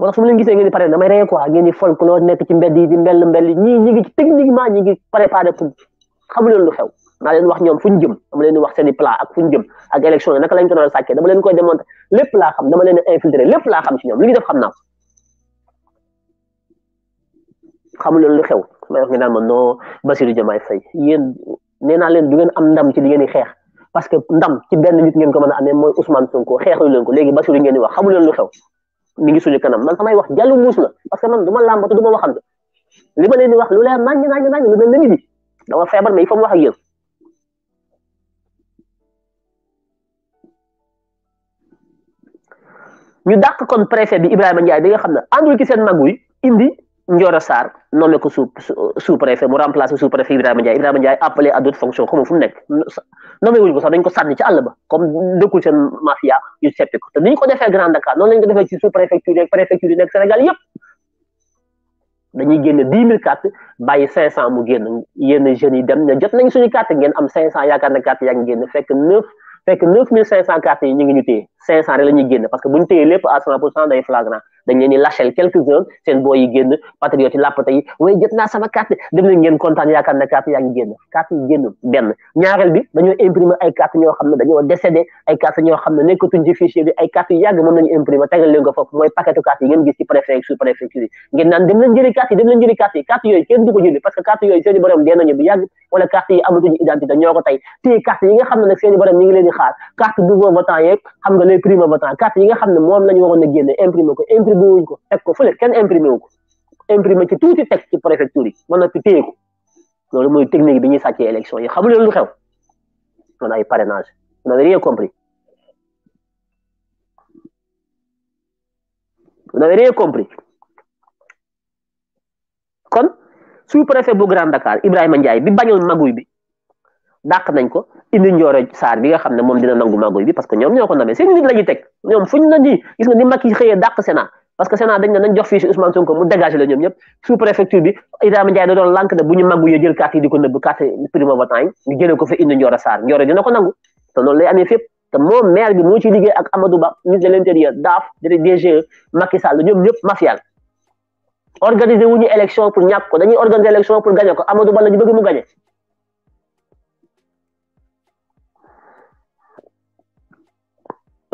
S1: moo su ma leen gisee ngeen di pare damay rey quoi ngeen di fol ku nekk ci mbedd yi di mbell mbell ñii ñi ngi techniquement ñi ngi préparé pour xamu leen lu xew naa leen wax ñoom fu ñu jëm dama leen di wax seen i plan ak fu jëm ak élection yi naka lañ ko doon dama leen koy démontré lépp laa xam dama leen infiltré lép laa xam ci ñoom li ñu def xam naa xamu lu xew may wax ngeen naan ma noo Bassirou Diomaye Faye yéen nee naa leen du am ndam ci li ngeen di xeex parce que ndam ci benn nit ngeen ko mën a ko léegi Bassirou ngeen di wax xamu leen lu xew mi ngi suñu kanam man nah, samay wax jallu muus la parce que man duma lambatu duma waxal li ma leen di wax lu leen nañ nañ nañ lu mel ni bi dama febar mais il wax ak yéen ñu dakk kon préfet bi ibrahima ndiaye bi nga xamna andul ki seen maguy indi Ndioro Sarr nommé ko sous sous préfet mu remplacé sous préfet Ibrahima Ndiaye appelé à d'autres fonctions xamoo fu mu nekk nommé wuñ ko sax dañ ko sànni ci àll ba comme dëkkul mafia yu seppi ko ni ñu ko defee Grand Dakar noonu lañ ko defee ci sous préfecture yeeg préfecture yi nekk Sénégal yëpp dix mille cartes bàyyi cinq cent mu génn yénn jeunes dem ne jot nañ suñu carte ngeen am cinq cent yaakaar na carte yaa ngi neuf fekk neuf mille cinq cent dañ leen di lâchel quelques heures seen booy yi génn patriote yi làppate yi waaye jot naa sama carte dem leen ngeen kontaan yaa ngi yi génn benn ñaareel bi dañoo imprimer ay carte ñoo xam ne dañoo décédé ay carte ñoo xam ne nekkatuñ ci fichier yooyu kenn du ko jëli parce que carte yooyu seen i dee nañu bu yàgg wala carte yi amatuñu identité ñoo ko tey téye carte yi nga xam ne nag seen i borom xaar carte nouveau votant yeeg xam nga les primo votant É com ko teg ko fële kenn imprimé wu o imprimé ci tuuti Mano, ci préfecture yi mën é fi téye ko loolu mooy É bi ñuy sàccee élection yi é leen lu xew man ay parrainage vous n'avez rien compris vous n'avez rien compris kon sous préfet bu Grand Dakar Ibrahima Ndiaye bi bañul maguy bi dàq nañ ko indi njoore saar bi nga xam ne moom dina nangu maguy bi parce que ñoom ñoo ko namee seen nit é ñuy teg ñoom fuñ la ñuy gis nga ni Macky xëyee dàq Sénat parce que Sénat dañ ne nañ jox fii si Ousmane Sonko mu dégagé la ñoom ñëpp sous préfecture bi Ibrahima Ndiaye doon lànk ne bu ñu màggu yee jël carte ko nëbb carte primo votant yi ñu jëlee ko fa indi Ndioro Sarr Ndioro dina ko nangu te loolu lay amee fépp te moom maire bi moo ciy liggéey ak Amadou Ba ministre de l' intérieur DAF DGE Macky Sall ñoom ñëpp mafia organiser wu élection pour ñàkk ko dañuy organiser élection pour gagné ko Amadou Ba la ñu mu gagné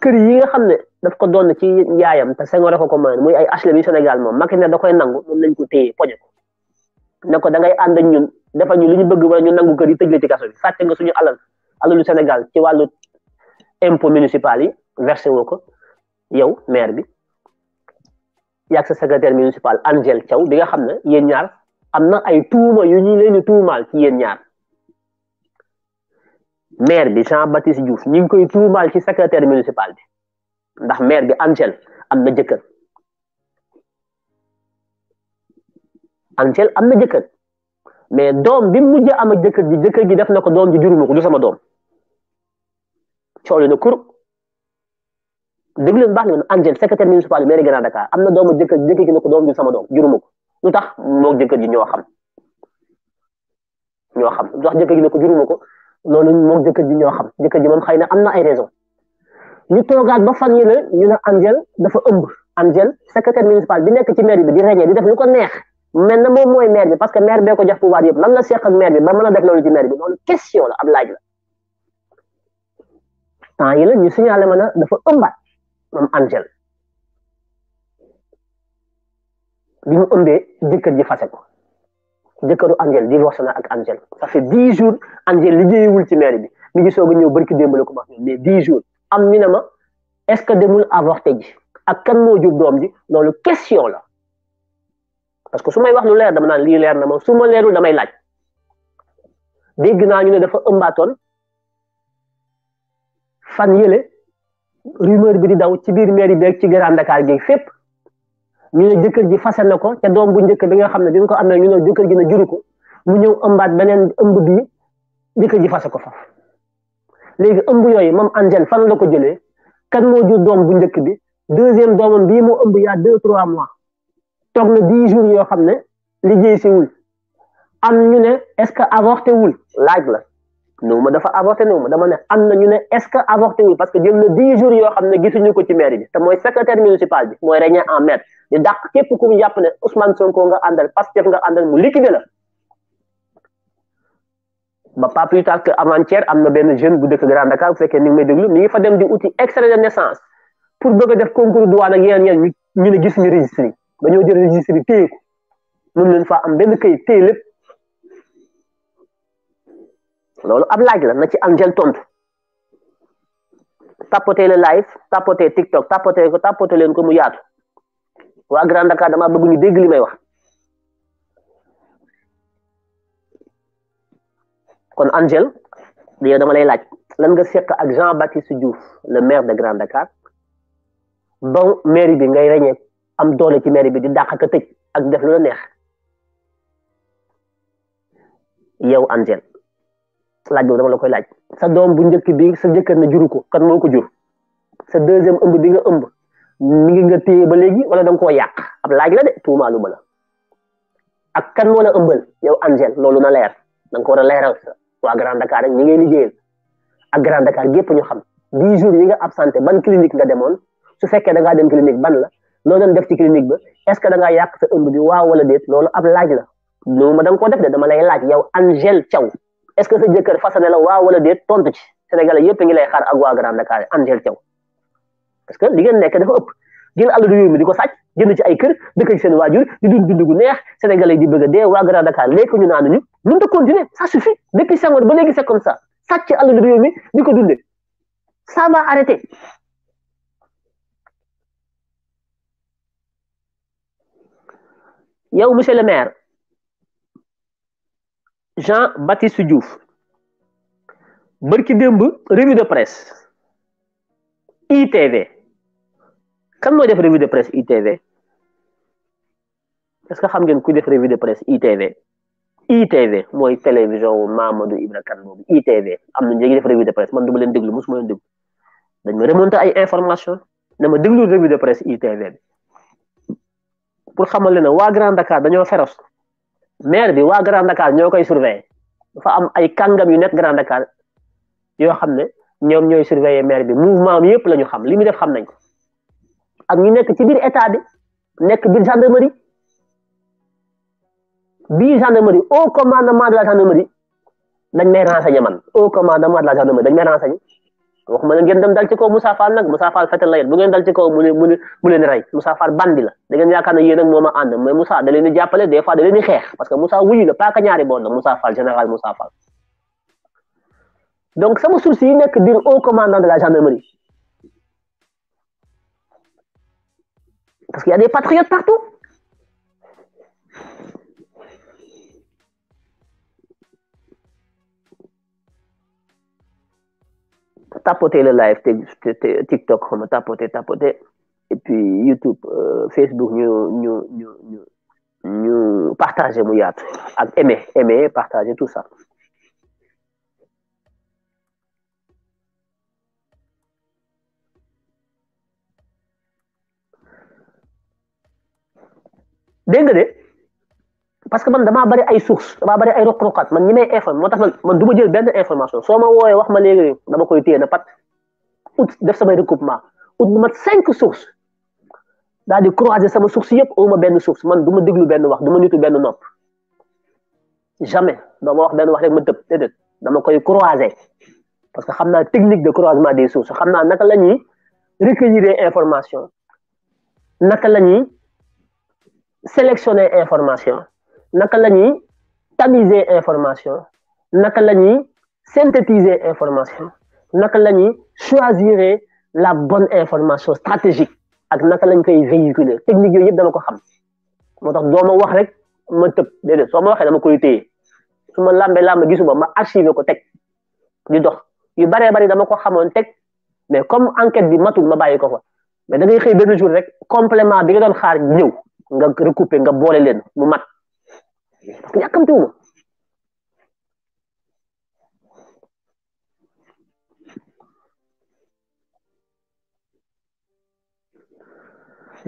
S1: kër yi nga xam ne daf ko doon ci yaayam te Senghor ko ko mayoon muy ay HLM Sénégal moom Macky ne da koy nangu moom lañ ko téye poñe ko ne ko da ngay ànd ak ñun defal ñu li ñu bëgg wala ñu nangu kër yi tëj la ci kaso bi sàcc nga suñu alal alalu Sénégal ci wàllu impôt municipal yi versé woo ko yow maire bi yàgg sa secrétaire municipal Angel Thiaw bi nga xam ne yéen ñaar am na ay tuuma yu ñu leen di tuumaal ci yéen ñaar. maire bi Jean Baptiste Diouf ñu ngi koy tuumaal ci secrétaire municipal bi ndax maire bi Angel am na jëkkër Angel am na jëkkër mais doom bi mujj am a jëkkër ji jëkkër ji def na ko doom ji juruma ko du sama doom coow li na kur déglu leen baax na Angel secrétaire municipal bi maire Grand Dakar am na doom ak jëkkër jëkkër ji ne ko doom ji sama doom juruma ko lu tax moog jëkkër ji ñoo xam ñoo xam lu tax jëkkër ji ne ko juruma ko loolu moom jëkkër ji ñoo xam jëkkër ji moom xay na am na ay raison ñu toogaat ba fan yi la ñu ne Angel dafa ëmb Angel secrétaire municipal bi nekk ci maire bi di régner di def lu ko neex mel na moom mooy maire bi parce que meer bee ko jox pouvoir yëpp lan la seq ak maire bi ba mën a def loolu ci maire bi loolu question la ab laaj la temps yi la ñu signalé ma ne dafa ëmbat moom Angel bi mu ëmbee jëkkër ji fase jëkkëru Angel divorcé na ak Angel ça fait dix jours Angel liggéeyewul ci mairie bi mi ngi soog a ñëw barki démb la ko wax mais dix jours am ñu ne ma est-ce que demul avorté ji ak kan moo jur doom ji loolu question la parce que su may wax lu leer dama naan lii leer na ma su ma leerul damay laaj dégg naa ñu ne dafa ëmbaatoon fan yële rumeur bi di daw ci biir mairie bi ak ci Grand Dakar gi fépp. ñu ne jëkkër ji fase na ko te doom bu njëkk bi nga xam ne bi nga ko amee ñu ne jëkkër ji na juru ko mu ñëw ëmbaat beneen ëmb bi jëkkër ji fase ko faf léegi ëmb yooyu moom Angèle fan la ko jëlee kan moo jur doom bu njëkk bi deuxième doomam bii moo ëmb yaa deux trois mois toog na dix jours yoo xam ne liggéey si wul am ñu ne est-ce que avorté wul laaj la néew ma dafa avorté néew dama ne am na ñu ne est-ce que avorté wu parce que jël na dix jours yoo xam ne gisuñu ko ci maire bi te mooy secrétaire municipal bi mooy régné en maire di dàq képp ku mu jàpp ne Ousmane nga àndal Pastef nga àndal mu liquide ba pas plus tard que avant am na benn jeune bu dëkk Grand Dakar bu fekkee ni ngi may déglu mi ngi fa dem di outil extrait de naissance pour bëgg a def concours douane ak yeneen yeneen ñu ne gisuñu registre yi jël registre yi téye leen faa am benn këyit téye lépp. loolu ab laaj la na ci Angel tontu tapoter le live tapoter TikTok tapoter ko tapoter leen ko mu yaatu waa Grand Dakar dama bëgg ñu dégg li may wax kon Angel yow dama lay laaj lan nga seq ak Jean Baptiste Diouf le maire de Grand Dakar ba mairie bi nga reñee am doole ci mairie bi di dàq ak a tëj ak def lu la neex yow Angel laaj boobu dama la koy laaj sa doom bu njëkk bi sa jëkkër na juru ko kan moo ko jur sa deuxième ëmb bi nga ëmb mi nga téye ba léegi wala da nga koo yàq ab laaj la de tuumaalu ma la ak kan moo la ëmbal yow Angel loolu na leer da nga ko war a leeral waa Grand Dakar rek ñi ngay liggéeyal ak Grand Dakar gépp ñu xam dix jours yi nga absenté ban clinique nga demoon su fekkee da ngaa dem clinique ban la loo doon def ci clinique ba est-ce que da ngaa yàq sa ëmb bi waaw wala déet loolu ab laaj la loolu ma da koo def de dama lay laaj yow Angel Thiaw est-ce que sa jëkkër fasane la waaw wala déet tontu ci Sénégalais yëpp ngi lay xaar ak waa Dakar Angel Thiaw parce que li ngeen nekk dafa ëpp jël àll du réew mi di ko sàcc jënd ci ay kër dëkk ci seen waajur di dund dund gu neex Sénégalais yi di bëgg a dee waa Grand Dakar lekk ñu naan ñu mënut a continuer ça suffit depuis Senghor ba léegi c'est comme ça sàcc àll du réew mi di ko dundee ça va arrêter. yow monsieur le maire. Jean Baptiste Diouf bërki démb revue de presse ITV kan moo def revue de presse ITV est que xam ngeen ku def revue de presse ITV ITV mooy télévision wu Mamadou Ibra Kane boobu ITV am na ñi def revue de presse man du ma leen déglu mosuma leen déglu dañ ma remonté ay information na ma déglu revue de presse ITV pour xamal ne waa Grand Dakar dañoo féroce maire bi waa Grand Dakar ñoo koy surveiller fa am ay kàngam yu nekk Grand Dakar yoo xam ne ñoom ñooy surveiller maire bi mouvement yëpp lañu xam li mu def xam nañ ko ak ñu nekk ci biir état bi nekk biir gendarmerie biir gendarmerie au commandement de la gendarmerie dañ may renseigner man au commandement de la gendarmerie dañ may renseigner waxuma leen ngeen dem dal ci kaw Moussa Fall nag Moussa Fall fetal la yéen bu ngeen dal ci kaw mu mu mu leen rey Moussa Fall bandi la da ngeen yaakaar ne yéen ak moom a ànd mais Moussa da leen di jàppale des fois da leen di xeex parce que musa wuyu la paaka ñaari bon la Moussa Fall général Moussa Fall donc sama source yi nekk oh, dir au commandant de la gendarmerie parce qu'il y a des patriotes partout tapote le live te TikTok tapote, tapote e pi Youtube, euh, Facebook partaje mou yate ak eme, eme, partaje tout sa denge de parce que man dama bari ay source dama bari ay ruq-ruqaat man ñi may informe moo tax man duma jël ben information so ma wooyee wax ma légui dama koy téye na pat out def sama recoupement ut bu mat sources daal di croiser sama source yëpp uma ben source man duma déglu ben wax duma nitu ben nopp jamais dama wax benn wax rek ma tëb déedéet dama koy croiser parce que xamna technique de croisement des sources xamna naka la ñuy recueillir informations naka la ñuy sélectionner information naka la tamiser information naka synthétiser information naka la choisir la bonne information stratégique ak naka lañ koy véhiculer technique yooyu yëpp dama ko xam motax tax doo wax rek ma tëb dede soo ma waxee dama koy téye su ma lambe làmb gisuma ma archiver ko teg di dox yu baree bari dama ko xamoon teg mais comme enquête bi matul ma bàyyi ko fa mais da ngay xëy benn jour rek complément bi nga doon xaar ñëw nga recouper nga boole leen mu mat Yakam tu.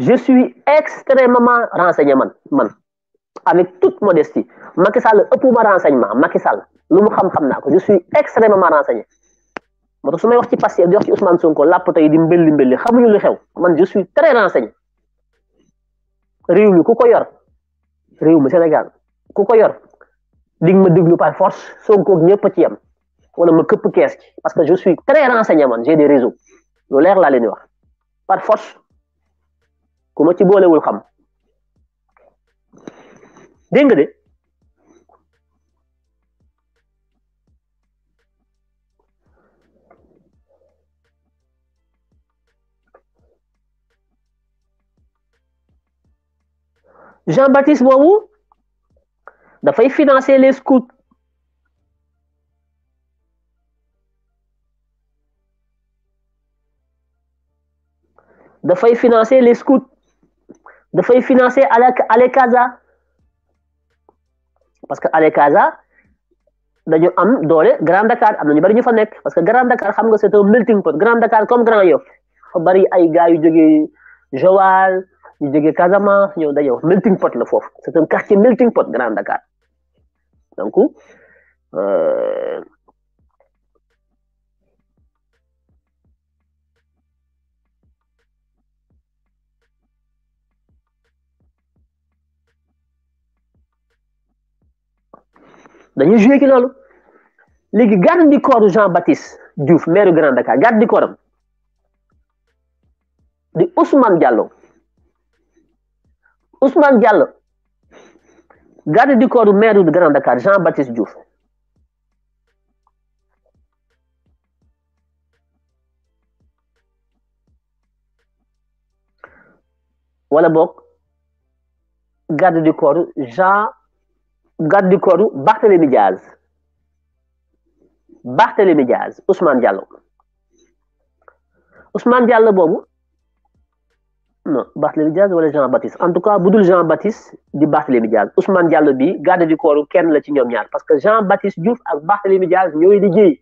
S1: Je suis extrêmement renseignement, man, avec toute modestie. Macky Sall ma renseignement Macky Sall lu mu xam xam naa ko je suis extrêmement renseigné moo tax su may wax ci passé di wax ci Ousmane Sonko làpp tey di mbelli mbelli xamuñu li xew man je suis très renseigné réew mi ku ko yor réew mi Sénégal ku ko yor ding ma déglu par force Sonko ak ñëpp a ci yam wala ma kepp caisse ci parce que je suis très renseigné man j'ai des réseaux lu leer la leen wax par force ku ma ci wul xam dégg de Jean Baptiste boobu fay financer les scouts fay financer les scouts fay financer Alekaza parce que Alekaza dañu am doole Grand Dakar am nañu bari ñu fa nek parce que Grand Dakar xam nga c'est un melting pot Grand Dakar comme Grand Yoff fa bari ay gars yu jógee Joal yu jógee Casamance ñeu melting pot la foofu c'est un quartier melting pot Grand Dakar d'un coup. Euh... dañuy joué ki loolu léegi garde du corps Jean Baptiste Diouf maire Grand Dakar garde du corps di Ousmane Diallo Ousmane Diallo garde du corps du maire de Grand Dakar, Jean-Baptiste Diouf, voilà bon. garde du corps Jean garde du corps Barthélémy Diaz Barthélémy Diaz Ousmane Diallo Ousmane Diallo bon non Barthélémy Diaz wala Jean-Baptiste en tout cas Boudoul Jean-Baptiste di Barthélémy Diaz Ousmane Diallo bi garde du corps kenn la ci ñom ñaar parce que Jean-Baptiste Diouf ak Barthélémy Diaz di liggéey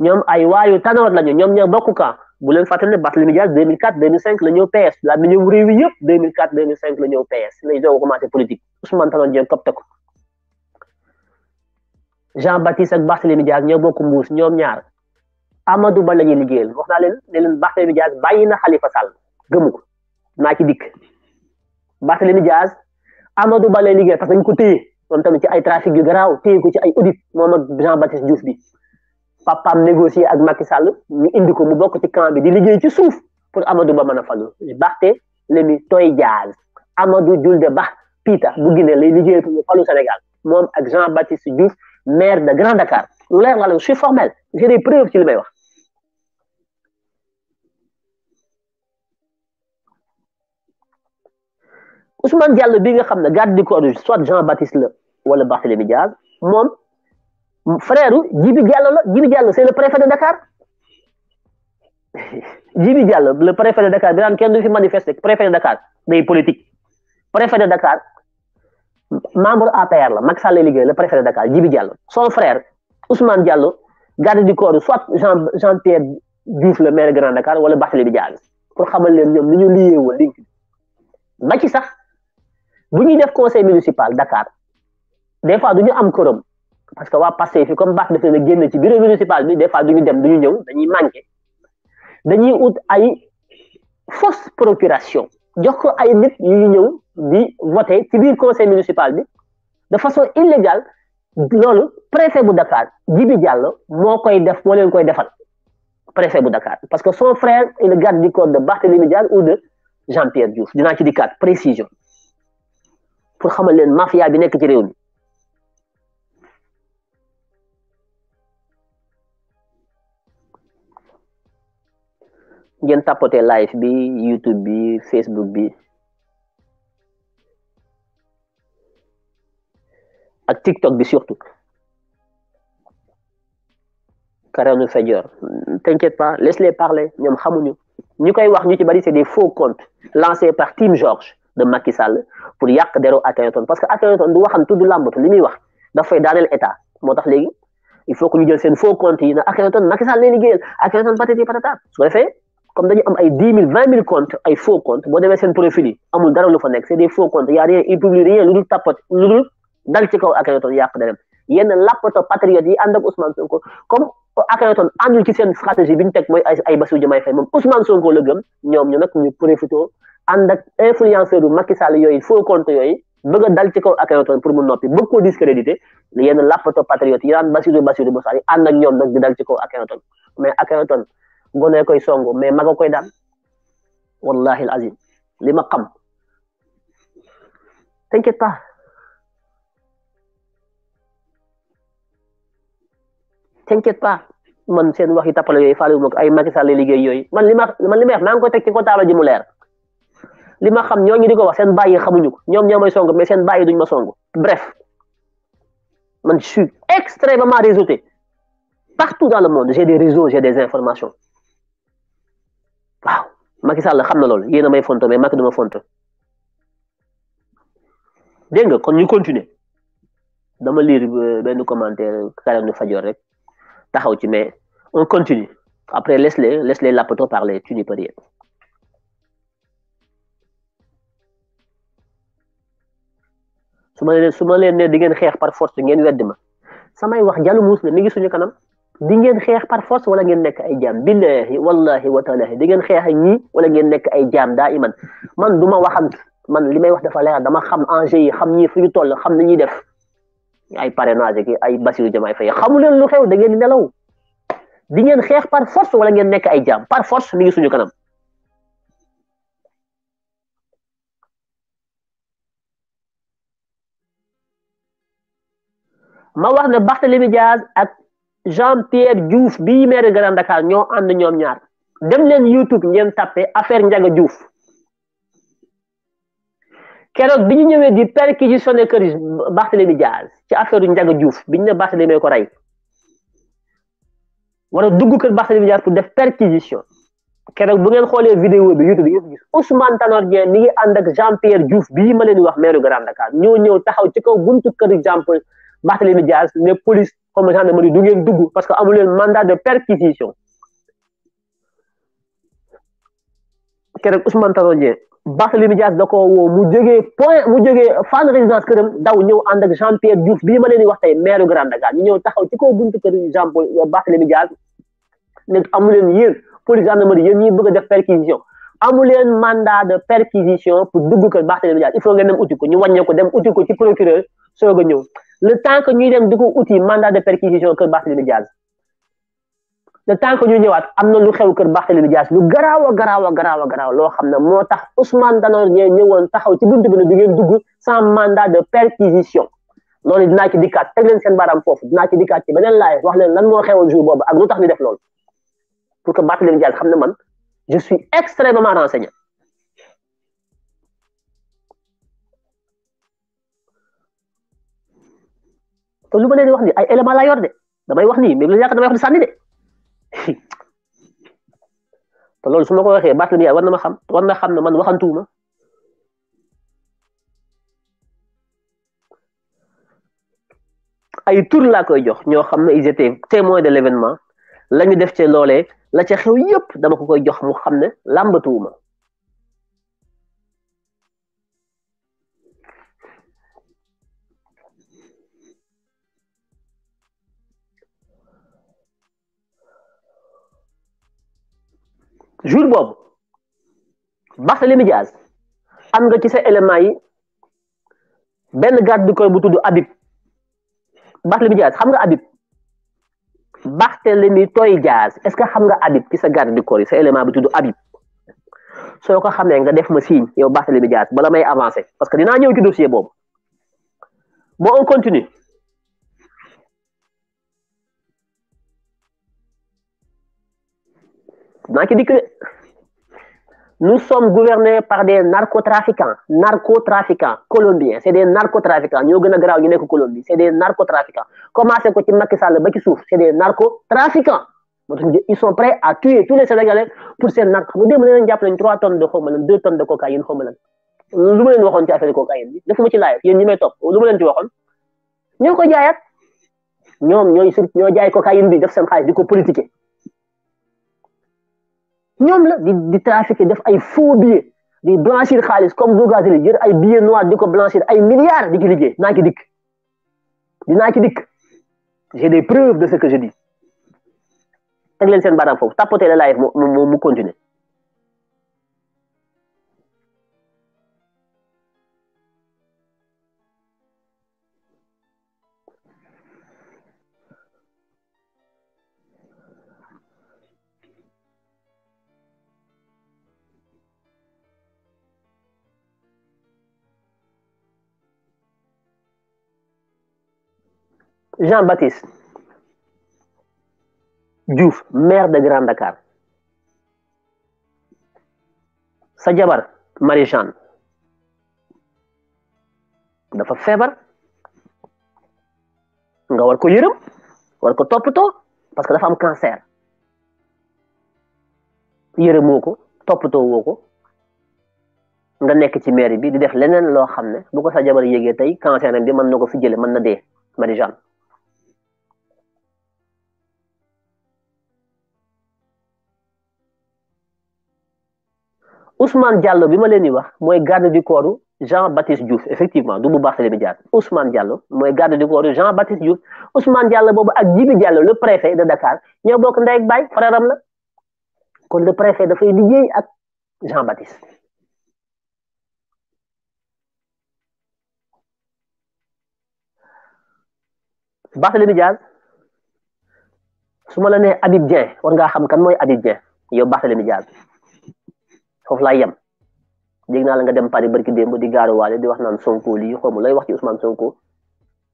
S1: Ñom ay waayu tanawat lañu ñom ñoo bokku ka bu leen fàttali ne Barthélémy Diaz 2004 2005 la ñeu PS la ñeu rew yi 2004 2005 la ñeu PS lay ont commencé politique Ousmane Tanor Dieng topte ko Jean-Baptiste ak Barthélémy Diaz ñoo bokku mbuus ñom ñaar Amadou Ba la ñuy liggéeyal wax leen ne leen Barthélémy Diaz bayina Khalifa Sall gëmu ko naa ci dikk Barthélémy Diaz Amadou Ba lay liggéey parce que dañu ko téye moom tamit ci ay trafic yu garaaw téye ko ci ay audit moom ak Jean Baptiste Diouf bi papaam négocier ak Macky Sall ñu indi ko mu bokk ci camp bi di liggéey ci suuf pour Amadou Ba mën a falu Barthélémy Toye Diaz Amadou Diouldé Ba Pita bu Guinée lay liggéey pour mu falu Sénégal moom ak Jean Baptiste Diouf maire de Grand Dakar lu leer la je formel j'ai des ci li may wax. Ousmane Diallo bi nga xam garde du corps soit Jean Baptiste la wala Barthélémy Diaz mon frère Djibi Diallo la Djibi Diallo c' le préfet de Dakar (laughs) Djibi Diallo le préfet de Dakar bi daan kenn du fi manifester préfet de Dakar day politique préfet de Dakar membre APR la Macky Sall le préfet de Dakar Djibi Diallo son frère Ousmane Diallo garde du corps soit Jean Jean Pierre Diouf le maire Grand Dakar wala Barthélémy Diaz pour xamal leen ñoom ni ñu liyeewoo link ba ci sax bu ñuy def conseil municipal Dakar des fois duñu am quorum parce que waa passer fi comme baax def na génn ci bureau municipal bi des fois duñu dem duñu ñëw dañuy manqué dañuy ut ay fausse procuration jox ko ay nit yu ñëw di voté ci biir conseil municipal bi de façon illégale loolu préfet bu Dakar Djibi Diallo moo koy def moo leen koy defal préfet bu Dakar parce que son frère il garde du corps de Barthélémy Diaz ou de Jean-Pierre Diouf dinaa ci dikkaat précision pour xamal leen mafia bi nekk ci réew mi ngeen tapote live bi YouTube bi Facebook bi ak TikTok bi surtout Karenu Fajor t'inquiète pas laisse-les parler ñom xamuñu ñu koy wax ñu ci bari c'est des faux comptes lancés par Team Georges de Macky Sall pour yàq deru Akhenaton parce que Akhenaton du waxam tudd làmbatu li muy wax daf fay daaneel état moo tax léegi il faut que ñu jël seen faux compte yi na Akhenaton Macky Sall lay liggéeyal Akhenaton patati boo demee seen profil yi amul dara lu fa nekk c'est des faux comptes y a rien ils publient rien lu dul tapat lu dul dal ci kaw Akhenaton yàq derem yenn lappato patriotes yi ànd Ousmane Sonko comme Akhenaton àndul ci seen stratégie bi mooy ànd ak influenceur yu Macky Sall yooyu foo compte yooyu bëgg a dal ci kaw ak Akhenaton pour mu noppi bëgg koo discrédité yenn làppato patriote yi daan Bassirou Bassirou Moussa yi ànd ak ñoom nag dal ci kaw ak mais Akhenaton gone koy songu mais maga koy daan wallahi al li ma xam t'inquiète pas t'inquiète pas man seen wax yi tappale yooyu faale wu ay Macky liggéey yooyu man li ma man li ma wax maa ngi ko teg ci ko taabal mu leer li ma xam ñooñu di ko wax seen bàyyi xamuñu ko ñoom ñoo may song mais seen bàyyi duñ ma song bref man je suis extrêmement réseauté partout dans le monde j'ai des réseaux j'ai des informations waaw Macky Sall xam na loolu yéen a may fonto mais Macky du ma fonto dégg nga kon ñu continuer dama lire euh, benn commentaire Karenu Fadior rek taxaw ci mais on continue après laisse les laisse les lapotons parler tu n'y peux rien su ma leen su ma leen ne di ngeen xeex par force ngeen weddi ma samay wax jàllu muus la mi ngi suñu kanam di ngeen xeex par force wala ngeen nekk ay jaam billahi wallahi wa taalahi di ngeen xeex ak wala ngeen nekk ay jaam daa iman man du ma waxant man li may wax dafa leer dama xam enjeu yi xam ñii fu ñu toll xam na ñuy def ay parrainage ki ay Bassirou Diomaye Faye xamu leen lu xew da ngeen di nelaw di ngeen xeex par force wala ngeen nekk ay jaam par force mi ngi suñu kanam ma wax ne Barthélémy Diaz ak Jean Pierre Diouf bii maire Grand Dakar ñoo ànd ñoom ñaar dem leen YouTube ngeen tàppe affaire Ndiaga Diouf keroog bi ñu ñëwee di perquisitionné kër Barthélémy Diaz ci affaire Ndiaga Diouf bi ñu ne Barthélémy ko rey wala dugg kër Barthélémy Diaz pour def perquisition keroog bu ngeen xoolee vidéo bi YouTube yëpp gis Ousmane Tanor Dieng mi ngi ànd ak Jean Pierre Diouf bii ma leen wax maire Grand Dakar ñoo ñëw taxaw ci kaw buntu kër Jean Pierre Barthélémy Diaz ne police comme gendarmerie du ngeen dugg parce que amu leen mandat de perquisition keroog Ousmane Tanor Dieng Barthélémy Diaz da ko woo mu jógee point mu jógee fan résidence këram daw ñëw ànd ak Jean Pierre Diouf bii ma leen di wax tey maire Grand Dakar ñu ñëw taxaw ci kaw buntu kër Jean Paul euh, Barthélémy Diaz ne amu leen yéen police gendarmerie yéen ñi bëgg a def perquisition amu leen mandat de perquisition pour dugg kër Barthélémy Diaz il faut ngeen dem uti ko ñu wàññee ko dem uti ko ci procureur soog a ñëw le temps que ñuy dem duggu ko mandat de perquisition kër Barthélémy Diaz le temps que ñu ñëwaat amna lu xew kër Barthélémy Diaz lu garaaw a garaaw a lo a motax Ousmane Tanor ñëwoon taxaw ci buntu bi ne du ngeen dugg sans mandat de perquisition loolu dina ci dikkat teg leen seen baram fofu dina ci dikkat ci benen laay wax leen lan mo xewoon jour bobu ak lu tax ñu def lool pour que Barthélémy Diaz xam man je suis extrêmement renseigné te lu ma leen wax ni ay élément laa yor de damay wax nii mais lu yàq damay wax ni (laughs) loolu su ma ko waxee Barthélemy war na ma xam war na xam ne man waxantuuma ay tur laa koy jox ñoo xam ne ils étaient témoins de l' événement la ñu def ci loolee la ca xew yëpp dama ko koy jox moo xam ne làmbatuwuma jour Bob, Barthélémy Diaz am nga ci sa élément yi benn garde du corps bu tudd Barthélémy Diaz xam nga Barthélémy Toy Diaz est-ce que xam nga Habib ci sa garde du corps yi sa bu tudd Habib soo ko xamee nga def ma bala may avancer parce que dinaa ñëw ci dossier Bob. bon on continue Nous sommes gouvernés par des narcotrafiquants, narcotrafiquants colombiens. C'est des narcotrafiquants. Nous sommes Colombie. C'est des narcotrafiquants. Comment c'est que tu qui C'est des narcotrafiquants. Ils sont prêts à tuer tous les Sénégalais pour ces narcotrafiquants. 3 tonnes de cocaïne, 2 tonnes de cocaïne. Nous cocaïne cocaïne ñoom la di di trafiqué def ay faux billets di blanchir xaalis comme Bougazeli jël ay billets noirs di ko blanchir ay milliards di ki liggéey naa ci dikk dinaa ci dikk j'ai des preuves de ce que je dis teg leen seen baaraam foofu tapoter le live mu mu mu continuer Jean-Baptiste Diouf maire de Grand Dakar sa jabar Marie Jeanne dafa feebar nga war ko yërëm war ko toppatoo parce que dafa am cancer yërëmoo ko toppatoo woo ko nga nekk ci maire bi di def leneen loo xam ne bu ko sa jabar yégee tey cancer bi mën na ko fi jële mën na dee Marie Jeanne Ousmane Diallo bima leni wax moy garde du corps Jean-Baptiste Diouf effectivement du bu Barthélémy Ousmane Diallo moy garde du corps Jean-Baptiste Diouf Ousmane Diallo bobu ak Djibi Diallo le préfet de Dakar ñoo y nday ak de fréram am la kon le préfet fay liggéey ak Jean-Baptiste Barthélémy Dias su ma la né Habib un war nga xam kan moy Habib yow foofu laay yem dégg naa la nga dem Paris barki démb di waale di wax naan Sonko lii xaw lay wax ci Ousmane Sonko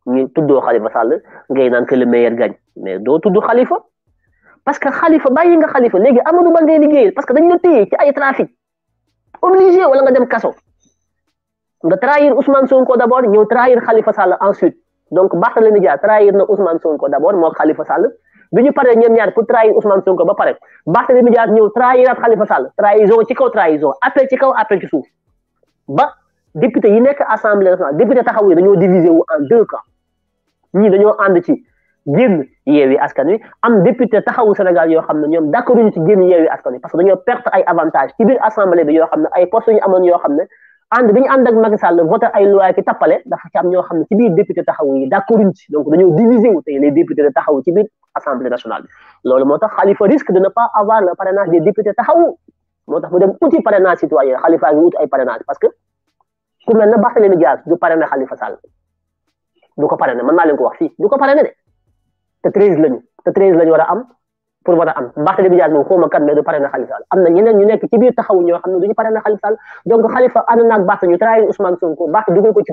S1: ñu tuddoo Khalifa Sall ngay naan que le meilleur gagne mais doo tudd Khalifa parce que Khalifa bàyyi nga Khalifa léegi Amadou Ba ngay liggéeyal parce que dañu la téye ci ay trafic obligé wala nga dem kaso nga trahir Ousmane Sonko d' abord ñëw trahir Khalifa Sall ensuite donc Barthélémy Dias trahir na Ousmane Sonko d' abord moo Khalifa Sall. bi ñu paree ñoom ñaar pour trahir Ousmane Sonko ba pare Barthélémy Dias ñëw at Khalifa Sall trahison ci kaw trahison appel ci kaw appel ci suuf ba député yi nekk assemblée nationale député taxaw yi dañoo diviser wu en deux camps ñii dañoo ànd ci génn yeewi askan wi am député taxawu Sénégal yoo xam ne ñoom d'accord ñu ci génn yeewi askan wi parce que dañoo perte ay avantage ci biir assemblée bi yoo xam ne ay poste yu ñu amoon yoo xam ne ànd bi ñu ànd ak Macky Sall voté ay loi ki tappale dafa ci am ñoo xam ne ci biir député taxawu yi d'accord ñu ci donc dañoo diviser wu tey les députés de taxawu ci biir assemblée nationale bi loolu moo tax Khalifa risque de ne pas avoir le parrainage des députés taxawu moo tax mu dem uti parrainage citoyen Khalifa ngi ut ay parrainage parce que ku mel ne Barthélémy Dias du parrainé Khalifa Sall du ko parrainé man maa leen ko wax fii du ko parrainé de te treize lañu te treize lañu war a am pour war a am Barthélémy Dias moom xawma kan mais du parrainé Khalifa Sall am na ñeneen ñu nekk ci biir taxawu ñoo xam ne du ñu parrainé Khalifa Sall donc Khalifa ànd naag Barth ñu trahir Ousmane Sonko Barth ko ci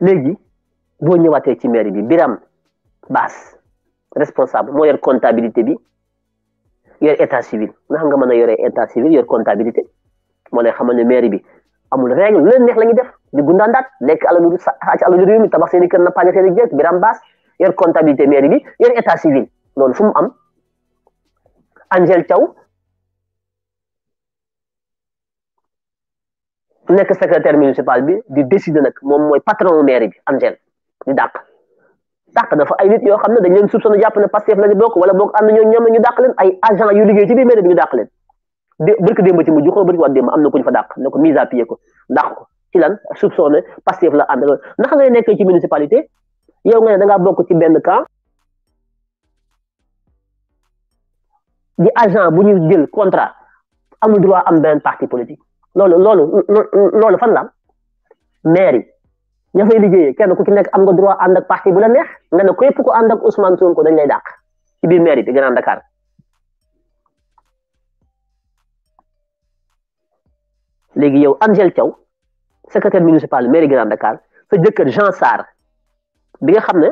S1: léegi boo ñëwaatee ci mairie bi Biram Baas responsable moo yor comptabilité bi yor état civil xam nga mën a yore état civil yor comptabilité moo lay xamal ne mairie bi amul règle lu leen neex la ñuy def di gundaandaat lekk alalu ci alalu réew mi tabax seen i kër na paañe seen i jëkk Biram Baas yor comptabilité mairie bi yor état civil loolu fu mu am Angel Thiaw nekk secrétaire municipal bi di décider nag moom mooy patron maire bi Angèle di dàq dàq na fa ay nit yoo xam ne dañ leen soupçonné jàpp ne Pastef la ñu bokk wala boog am na ñoo ñoom ñu dàq leen ay agent yu liggéey ci biir maire bi ñu dàq leen dé bërki démb ci mujj ko bërki waat démb am na ku ñu fa dàq ne ko mise à pied ko dàq ko ci lan soupçonné Pastef la ànd ndax ngay nekkee ci municipalité yow nga ne da bokk ci benn camp di agent bu ñu jël contrat amul droit am benn parti politique loolu loolu loolu fan la am maire yi ña fay liggéeyee kenn ku ci nekk am nga droit ànd ak parti bu la neex nga ne képp ku ànd ak Ousmane Sonko dañ lay dàq ci biir bi yi di gën Dakar léegi yow Angel Thiaw secrétaire municipal mairie Grand Dakar sa jëkkër Jean Sarr bi nga xam ne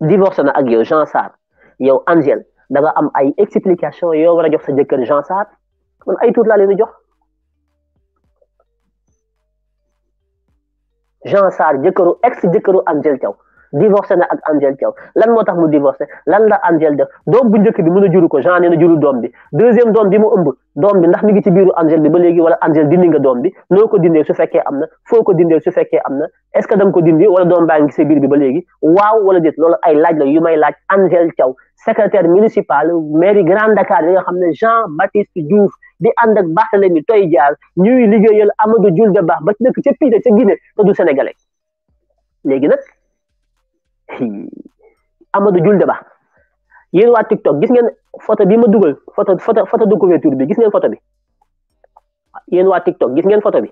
S1: divorce na ak yow Jean Sarr yow Angel da am ay explication yow war a jox sa jëkkër Jean Sarr man ay tuut laa leen di jox. Jean Sarr jëkkëru ex jëkkëru Angel Thiaw divorcé na ak Angel Thiaw lan moo tax mu divorcé lan la Angel doom bu njëkk bi mën a juru ko Jean nee na juru doom bi deuxième doom bi mu ëmb doom bi ndax mi ngi ci biiru Angel bi ba léegi wala Angel dindi nga doom bi noo ko dindee su fekkee am na foo ko dindee su fekkee am na est ce que da ko dindi wala doom baa ngi biir bi ba léegi waaw wala déet loolu ay laaj la yu may laaj Angel Thiaw secrétaire municipal di ànd ak Barthélemy Toye Dias ñuy liggéeyal Amadou Jules de Baax ba ci dëkk ca Pire ca Guinée te du sénégalais léegi nag Amadou Jules de Baax yéen waa TikTok gis ngeen photo bi ma dugal photo photo photo de couverture bi gis ngeen photo bi yen waa TikTok gis ngeen photo bi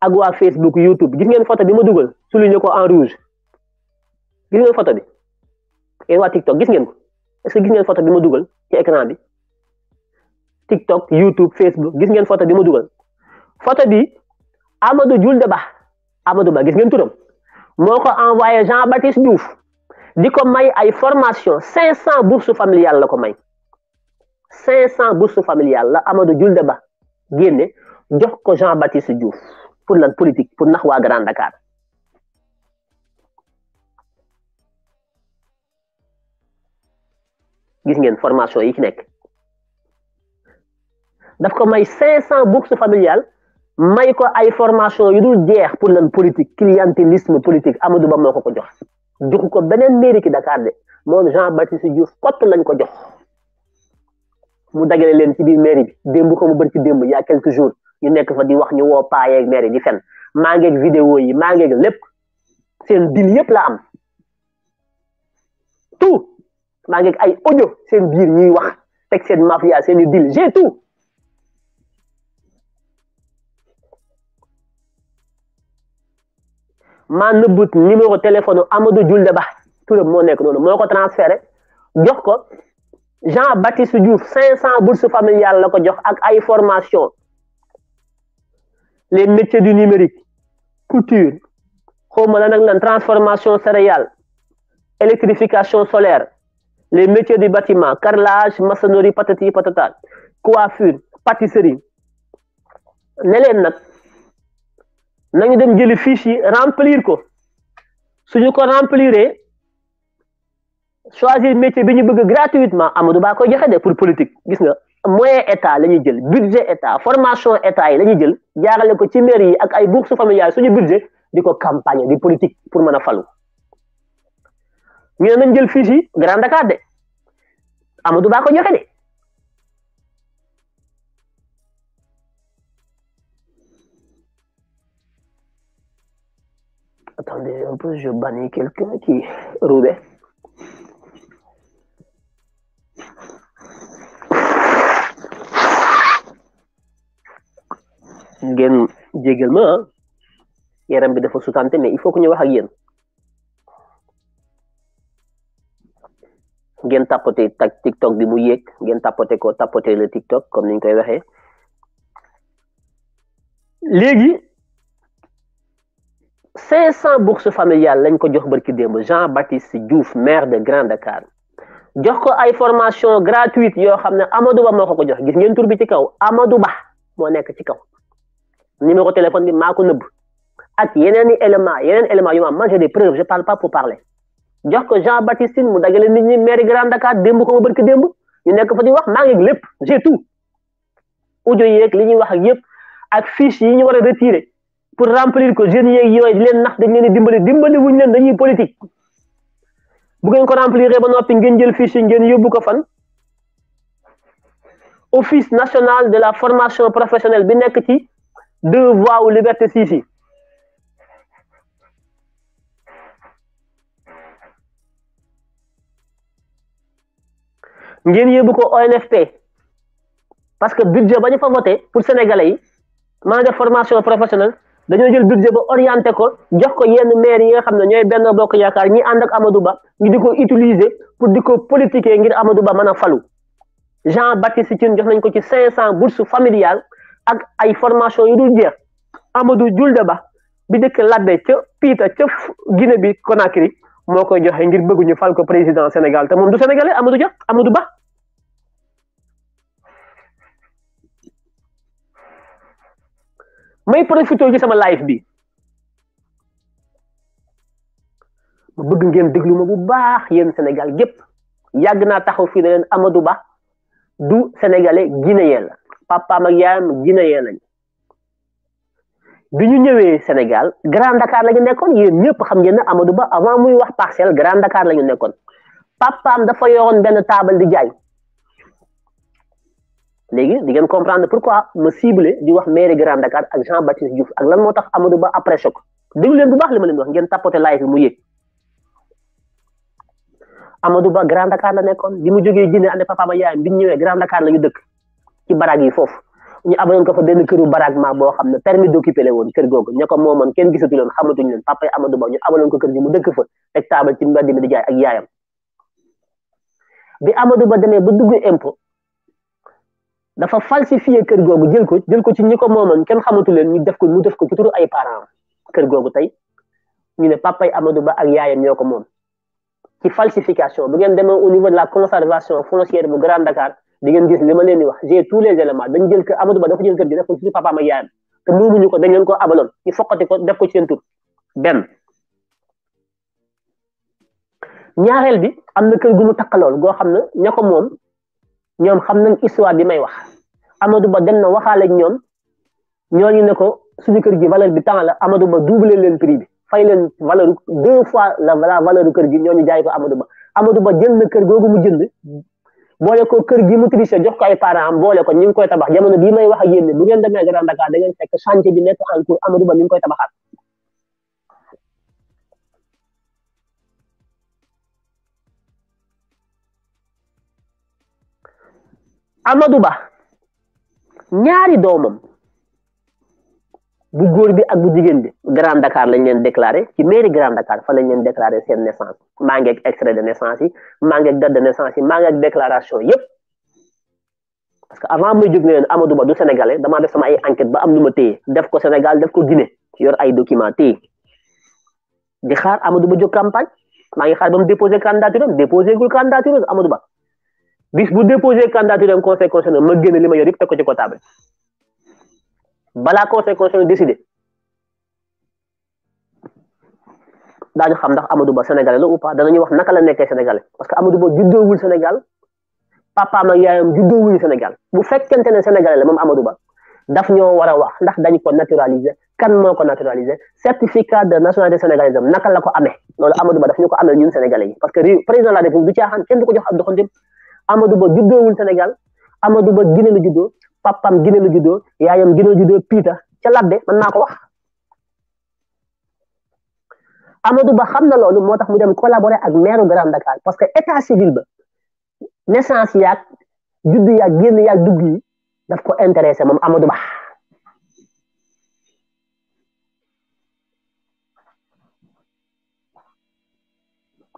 S1: ak waa Facebook YouTube gis ngeen photo bi ma dugal souligné ko en rouge gis ngeen photo bi yéen waa TikTok gis ngeen ko est que gis ngeen photo bi ma dugal ci écran bi. TikTok YouTube Facebook gis ngeen photo bi ma dugal photo bi Amadou Julde Ba Amadou Ba gis ngeen turam moo ko envoyé Jean Baptiste Diouf di ko may ay formation cinq cent bourses familiales la ko may cinq cent bourses familiales la Amadou Julde Ba génne jox ko Jean Baptiste Diouf pour lan politique pour nax waa Grand Dakar gis ngeen formation yi ci nekk daf ko may 500 bourses familiales may ko ay formation yu dul jeex pour lan politique clientélisme politique Amadou Ba moko ko ko jox joxu ko benen mairie ki Dakar de mom Jean Baptiste Diouf kott lañ ko jox mu dagale len ci biir mairie bi démb ko mu bëri ci démb y a quelques jours ñu nekk fa di wax ñu paye ak mairie di fen maa ngeeg vidéo yi maa ngeeg lepp sen dil yëpp la am tout maa ngeeg ay audio sen biir ñi wax tek sen mafia sen i dil j'ai tout maa but numéro téléphone Amadou de Ba tout le monde noonu moo ko transféré jox ko Jean Baptiste Diouf 500 bourses familiales lako des jox ak ay les métiers du numérique couture transformation céréale électrification solaire les métiers du bâtiment carrelage maçonnerie patati patata coiffure pâtisserie nelen nak nañu dem jël fiche yi remplir ko suñu ko rempliré choisir métier bi ñu bëgg gratuitement Amadou Ba koy joxe de pour politique gis nga moyen état la ñuy jël budget état formation état yi la ñuy jël jaarale ko ci mairie yi ak ay bourses familiales suñu budget di ko campagne di politique pour mën a falu ñu nañ jël fiche yi Grand Dakar de Amadou Ba ko joxe de Attendez un peu, je bannis quelqu'un qui roulait. ngeen jégal ma yaram bi dafa sutante mais il faut que ñu wax ak yéen ngeen tapoté tak tiktok bi mu yéeg ngeen tapoté ko tapoté le tiktok comme niñ koy waxee léegi 500 bourses familiales lañ ko jox barki demb Jean Baptiste Diouf maire de Grand Dakar jox ko ay formation gratuite yo xam Amadou Ba moo ko ko jox gis ngeen tour bi ci kaw Amadou Ba mo nek ci kaw numéro téléphone bi mako neub ak yeneen i éléments yeneen éléments yu ma manger des preuves je parle pas pour parler jox ko Jean Baptiste mu dagale nit ñi maire Grand Dakar demb ko ma barki demb ñu nek fa di wax ma ngi lepp j'ai tout audio yeeg li ñi wax ak yëpp ak fiche yi ñu war retirer pour remplir ko jeunes yeeg yooyu di leen nax dañ leen dimbali dimbali wuñu leen dañuy politique bu ngeen ko remplir ba nopi ngeen jël fiche ngeen yóbbu ko fan office national de la formation professionnelle bi nekk ci deux voies ou liberté six ngeen yóbbu ko ONFP parce que budget bañu fa voté pour sénégalais yi maa formation professionnelle dañoo jël budget ba orienté ko jox ko yenn maire yi nga xam ne ñooy Benno Bokk Yaakaar ñi ànd ak Amadou Ba ñu di ko utiliser pour di ko politiquer ngir Amadou Ba mën a falu Jean Baptiste Tine jox nañ ko ci cinq cent bourses familiales ak ay formation yu dul jeex Amadou Julde Ba bi dëkk Labé ca Piita ca Guinée bi Conakry moo koy joxe ngir bëgg ñu fal ko président Sénégal te moom du sénégalais Amadou Dia Amadou Ba may profité ci sama live bi ma bëgg ngeen déglu ma bu baax yéen Sénégal gépp yàgg naa taxaw fii ne leen Amadou Ba du sénégalais guinéen la papaam ak yaayam guinéen lañ bi ñu ñëwee Sénégal Grand Dakar la ñu nekkoon yéen ñëpp xam ngeen ne Amadou Ba avant muy wax parcelle Grand Dakar la ñu nekkoon papaam dafa yoroon benn taabal di jaay léegi di ngeen comprendre pourquoi ma ciblé di wax maire Grand Dakar ak Jean Baptiste Diouf ak lan moo tax Amadou Ba après choc déglu leen bu baax li ma leen wax ngeen tapoté live bi mu yéeg Amadou Ba Grand Dakar la nekkoon bi mu jógee Guinée ànd papa ma yaayam bi ñu ñëwee Grand Dakar la ñu dëkk ci baraag yi foofu ñu abaloon ko fa benn këru baraag ma boo xam ne permis d'occuper la woon kër googu ña ko moomoon kenn gisatu leen xamatuñu leen papa Amadou Ba ñu abaloon ko kër gi mu dëkk fa teg taabal ci mbedd mi di jaay ak yaayam bi Amadou Ba demee ba dugg impôt dafa falsifié kër googu jël ko jël ko ci ñi ko moomoon kenn xamatu leen ñu def ko mu def ko ci turu ay parents kër googu tey ñu ne papay Amadou Ba ak yaayam ñoo ko moom ci falsification bu ngeen demee au niveau de la conservation foncière bu Grand Dakar di ngeen gis li ma leen di wax j'ai tous les éléments dañu jël kër Amadou Ba dafa jël kër gi def ko ci papaam ak yaayam te moomuñu ko dañ leen ko abaloon ñu fokkati ko def ko ci seen tur benn ñaareel bi am na kër gu mu takkalool goo xam ne ña ko ñoom xam nañ histoire bi may wax Amadou Ba dem na waxaale ak ñoom ñooñu ne ko suñu kër gi valeur bi temps la Amadou Ba doublé leen bi fay valeur deux fois la valeur kër gi ñooñu jaay ko Amadou Ba Amadou Ba jël na kër googu mu jënd boole ko kër gi mu triché jox ko ay am boole ko ñu ngi koy tabax jamono bii may wax ak yéen bu ngeen demee Grand Dakar da ngeen fekk bi nekk en cours Amadou Ba koy tabaxaat Amadou Ba ñaari doomam bu góor bi ak bu jigéen bi Grand Dakar lañ leen déclaré ci mairie Grand Dakar fa lañ leen déclaré seen naissance maa ngi ak extrait de naissance yi maa ngi ak date de naissance yi maa ngi ak déclaration yépp parce que avant muy jóg ne leen Amadou Ba du sénégalais damaa def ay enquête ba am lu ma téye def ko Sénégal def ko Guinée yor ay document téye di xaar Amadou Ba jóg campagne maa ngi xaar ba mu déposé candidature am déposé gul candidature Amadou Ba. bis bu déposer candidature am conseil constitutionnel ma génn li ma yor yëpp teg ko ci comptable balaa conseil constitutionnel décidé daañu xam ndax Amadou Ba sénégalais la ou pas danañu wax naka la nekkee sénégalais parce que Amadou Ba juddoowul Sénégal papa ma yaayam juddoowuñu Sénégal bu fekkente ne sénégalais la moom Amadou Ba daf ñoo war a wax ndax dañ ko naturaliser kan moo ko naturaliser certificat de nationalité sénégalaise naka la ko amee loolu Amadou Ba daf ñu ko amee ñun sénégalais yi parce que président la république du caaxaan kenn du ko jox ab doxantim Amadou Ba juddoowul Sénégal Amadou Ba Guinée la juddoo papam Guinée la juddoo yaayam Guinée la juddoo piita ca ladde mën naa ko wax Amadou Ba xam na loolu moo tax mu dem collaborer ak maire Grand Dakar parce que état civil ba naissance yaag judd yaag génn yaag dugg yi daf ko intéressé moom Amadou Ba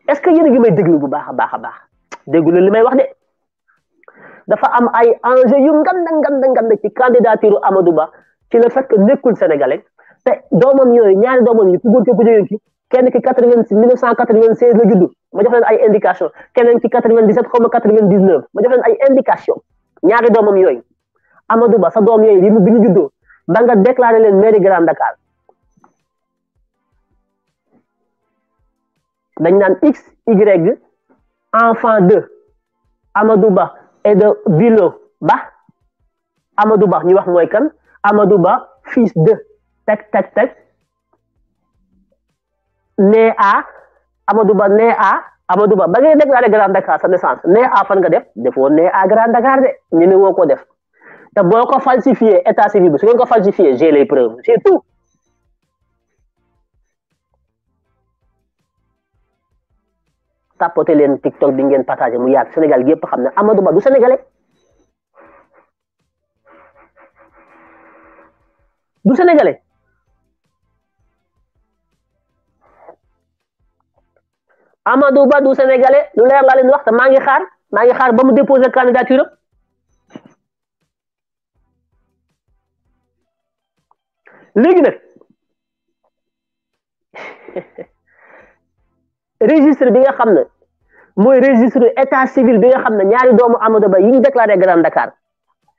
S1: est-ce que yéen a ngi may déglu bu baax a baax a baax déglu li may wax de dafa am ay enjeu yu nganda nganda nganda ci candidature Amadou Ba ci le fait que nekkul sénégalais te doomam yooyu ñaari doomam yi ku góor ko ku jigéen ki kenn ki quatre vingt mille neuf cent quatre vingt seize la judd ma jox leen ay indication keneen ki quatre vingt dix sept xaw ma quatre vingt dix neuf ma jox leen ay indication ñaari doomam yooyu Amadou Ba sa doom yooyu bi mu bi ñu juddoo ba nga déclaré leen mairie Grand Dakar dañ naan x y enfant de Amadou Ba et de Bilo Ba Amadou Ba ñu wax mooy kan Amadou Ba fils de teg teg teg né à Amadou Ba né à Amadou Ba ba ne déclaré Grand Dakar sa naissance né à fan nga def defoo né à Grand Dakar de ñu ne woo ko def te boo ko falsifié état civil bi su ngeen ko falsifié j'ai les preuves c'est tout. tapoté len TikTok bi ngeen partager mu yaak Sénégal gi yëpp xam ne Amadou Ba du sénégalais du sénégalais Amadou Ba du sénégalais lu leer la leen wax te maa ngi xaar maa ngi xaar ba mu déposé candidature am léegi nag. registre bi nga xam ne mooy registre état civil bi nga xam ne ñaari doomu amado Ba yi ñu déclaré Grand Dakar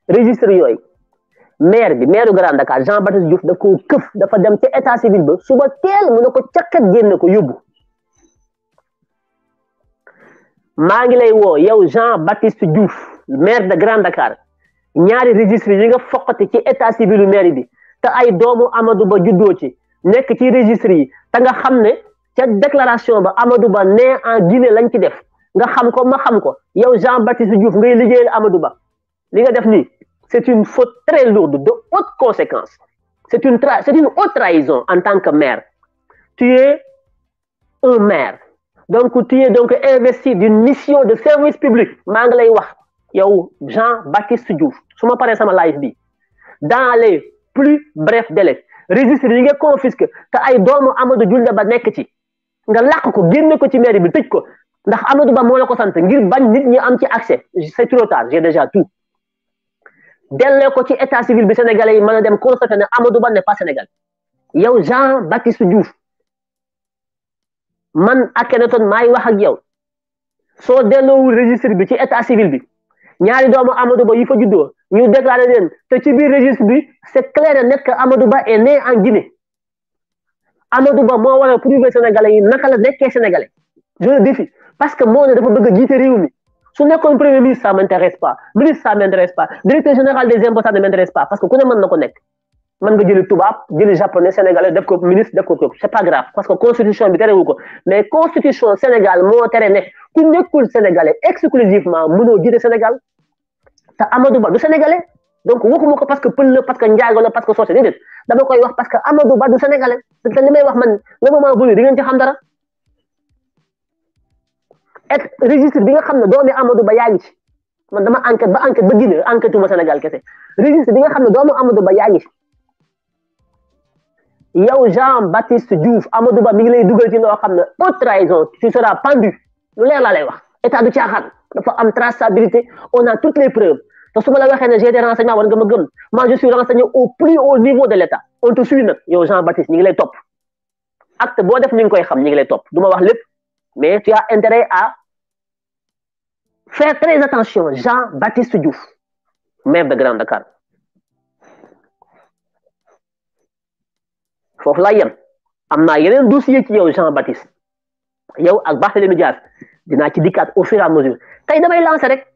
S1: registre yooyu maire bi maire Grand Dakar Jean Baptiste Diouf da koo këf dafa dem ci état civil ba suba teel mu ne ko cakkat génne ko yóbbu maa ngi lay woo yow Jean Baptiste Diouf maire de Grand Dakar ñaari registre yi nga foqati ci état civil maire bi te ay doomu Amadou Ba juddoo ci nekk ci registre yi te nga xam ne. Cette déclaration ba Amadou Ba né en Guinée lañ ci def nga xam ko ma xam ko yow Jean Baptiste Diouf ngay liggéeyal Amadou Ba li nga def ni c'est une faute très lourde de haute conséquence. c'est une c'est une haute trahison en tant que maire tu es un maire donc tu es donc investi d'une mission de service public maa ngi lay wax yow Jean Baptiste Diouf suma paré pas sama ma bi dans les plus brefs délais registre yi nga confisque ta ay doomu Amadou Diouf la ba ci nga làq ko génne ko ci mairie bi tëj ko ndax Amadou Ba moo la ko sant ngir bañ nit ñi am ci accès c'est trop tard j'ai déjà tout dellee ko ci état civil bi sénégalais yi mën a dem constaté ne Amadou Ba n'est pas sénégalais yow Jean Baptiste Diouf man Akhenaton maay wax ak yow soo delloowul registre bi ci état civil bi ñaari doomu Amadou Ba yi fa juddoo ñu déclaré leen te ci biir registre bi c'est clair et net que Amadou Ba est né en Guinée Amadou Ba moo war a naka la nekkee sénégalais je le défie parce que moo ne dafa bëgg a jiite réew mi su premier ministre ça m'intéresse pas ministre ça m'intéresse pas parce que ku ne mën na ko nekk mën nga jëli tubaab jëli japonais sénégalais def ko ministre def ko ko c'est pas grave parce que constitution bi terewu ko mais constitution Sénégal moo tere ne ku nekkul sénégalais exclusivement mënoo jiite Sénégal te Amadou dama koy wax parce que Amadou Ba du sénégalais te li may wax man le moment venu di ngeen ci xam dara et registre bi nga xam ne doomi Amadou Ba yaa ngi ci man dama enquête ba enquête ba Guinée enquête Sénégal kese registre bi nga xam ne doomu Amadou Ba yaa ngi ci yow Jean Baptiste Diouf Amadou Ba mi ngi lay dugal ci loo xam ne haute trahison tu seras pendu lu leer laa lay wax état du caaxaan dafa am traçabilité on a toutes les preuves te su ma la waxee ne j'ai des renseignements war nga moi je suis renseigné au plus haut niveau de l'état on te suit y a Jean Baptiste ni ngi lay acte bon def ni ngi koy xam ñu ngi lay wax mais tu as intérêt à faire très attention Jean Baptiste Diouf maire de Grand Dakar foofu laa yem am naa yeneen dossier ci yow Jean Baptiste yow ak Barthélémy Dias dinaa ci dikkaat au fur et à mesure tey damay lancer rek.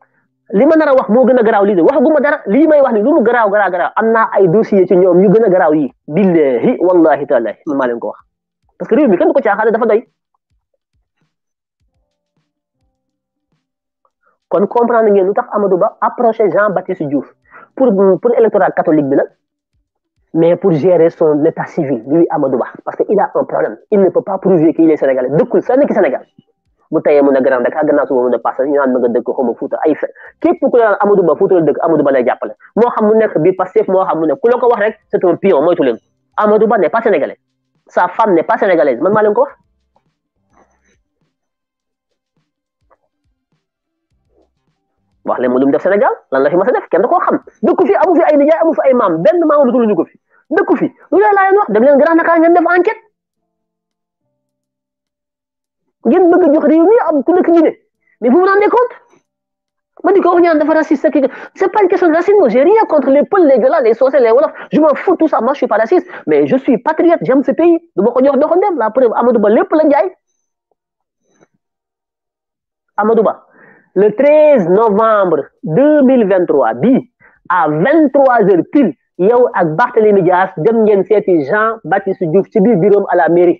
S1: li ma nar wax moo gën a garaaw lii de waxaguma dara lii may wax ni lu mu garaaw garaaw garaaw am naa ay dossier ci ñoom ñu gën garaaw yi billahi wallahi taalahi man maa leen ko wax parce que réew mi kenn du ko caaxaane dafa doy kon comprendre ngeen lu tax Amadou Ba approché Jean Baptiste Diouf pour pour électorat catholique bi la mais pour gérer son état civil lui Amadou Ba parce que il a un problème il ne peut pas prouver qu'il est sénégalais dëkkul fenn ki Sénégal bu tayee mun a gannaaw Dakar gannaaw suba mun a passé ñu naan ma nga dëkk xaw Fuuta ay fe képp ku la naan Amadou Ba Fuuta la dëkk Amadou Ba lay jàppale moo xam mu nekk biir Pastef moo xam mu nekk ku la ko wax rek c'est un pion moytu leen Amadou Ba n'est pas sénégalais sa femme n'est pas sénégalaise man maa ko wax wax leen mu lu def Sénégal lan la fi mas a def kenn ko koo xam dëkku fi amu fi ay nijaay amu ay maam benn maamu lu ñu ko fi dëkku fi lu leen laa leen wax dem leen Grand Dakar ngeen bëgg jox réew mi am ku nekk mais vous vous rendez compte di ko ñaan dafa raciste c'est pas une question de racisme j'ai rien contre les Peuls les Joola les sorciers, les Wolof je m'en fous tout ça moi je suis pas raciste mais je suis patriote j'aime ce pays du ma ko dem la preuve Amadou Ba lépp la Amadou Ba le 13 novembre 2023 à 23h pile yow ak Barthélémy Dias dem ngeen seeti Jean Baptiste Diouf ci biir à la mairie.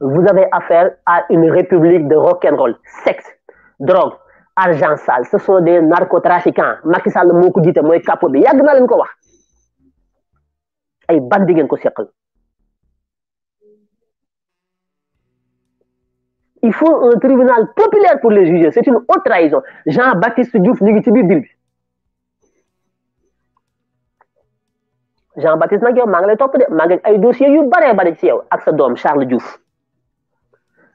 S1: vous avez affaire à une république de rock'n'roll. Sexe, drogue, argent sale, ce sont des narcotrafiquants. Macky Sall moo ko jiite mooy bi yàgg na ko wax ay bandi ngeen ko seqal. il faut un tribunal populaire pour les juger. C'est une haute trahison. Jean-Baptiste Diouf, Jean-Baptiste Il y a un dossier qui ak très Avec Charles Diouf.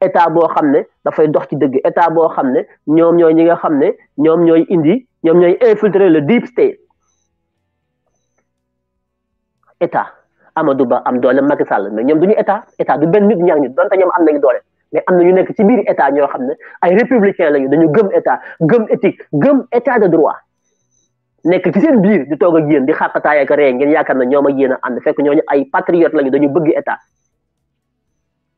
S1: état boo xam ne dafay dox ci dëgg état boo xam ne ñoom ñooy ñi nga xam ne ñoom ñooy indi ñoom ñooy infiltrer le deep state état Amadou Ba am doole Macky Sall mais ñoom du ñu état état du benn nit ñaar nit donte ñoom am nañu doole mais am na ñu nekk ci biir état ñoo xam ne ay républicain lañu dañu gëm état gëm éthique gëm état de droit nekk ci seen biir di toog ak yéen di xàqataay ak ree ngeen yaakaar na ñoom ak yéen a ànd fekk ñooñu ay patriote lañu dañu bëgg état.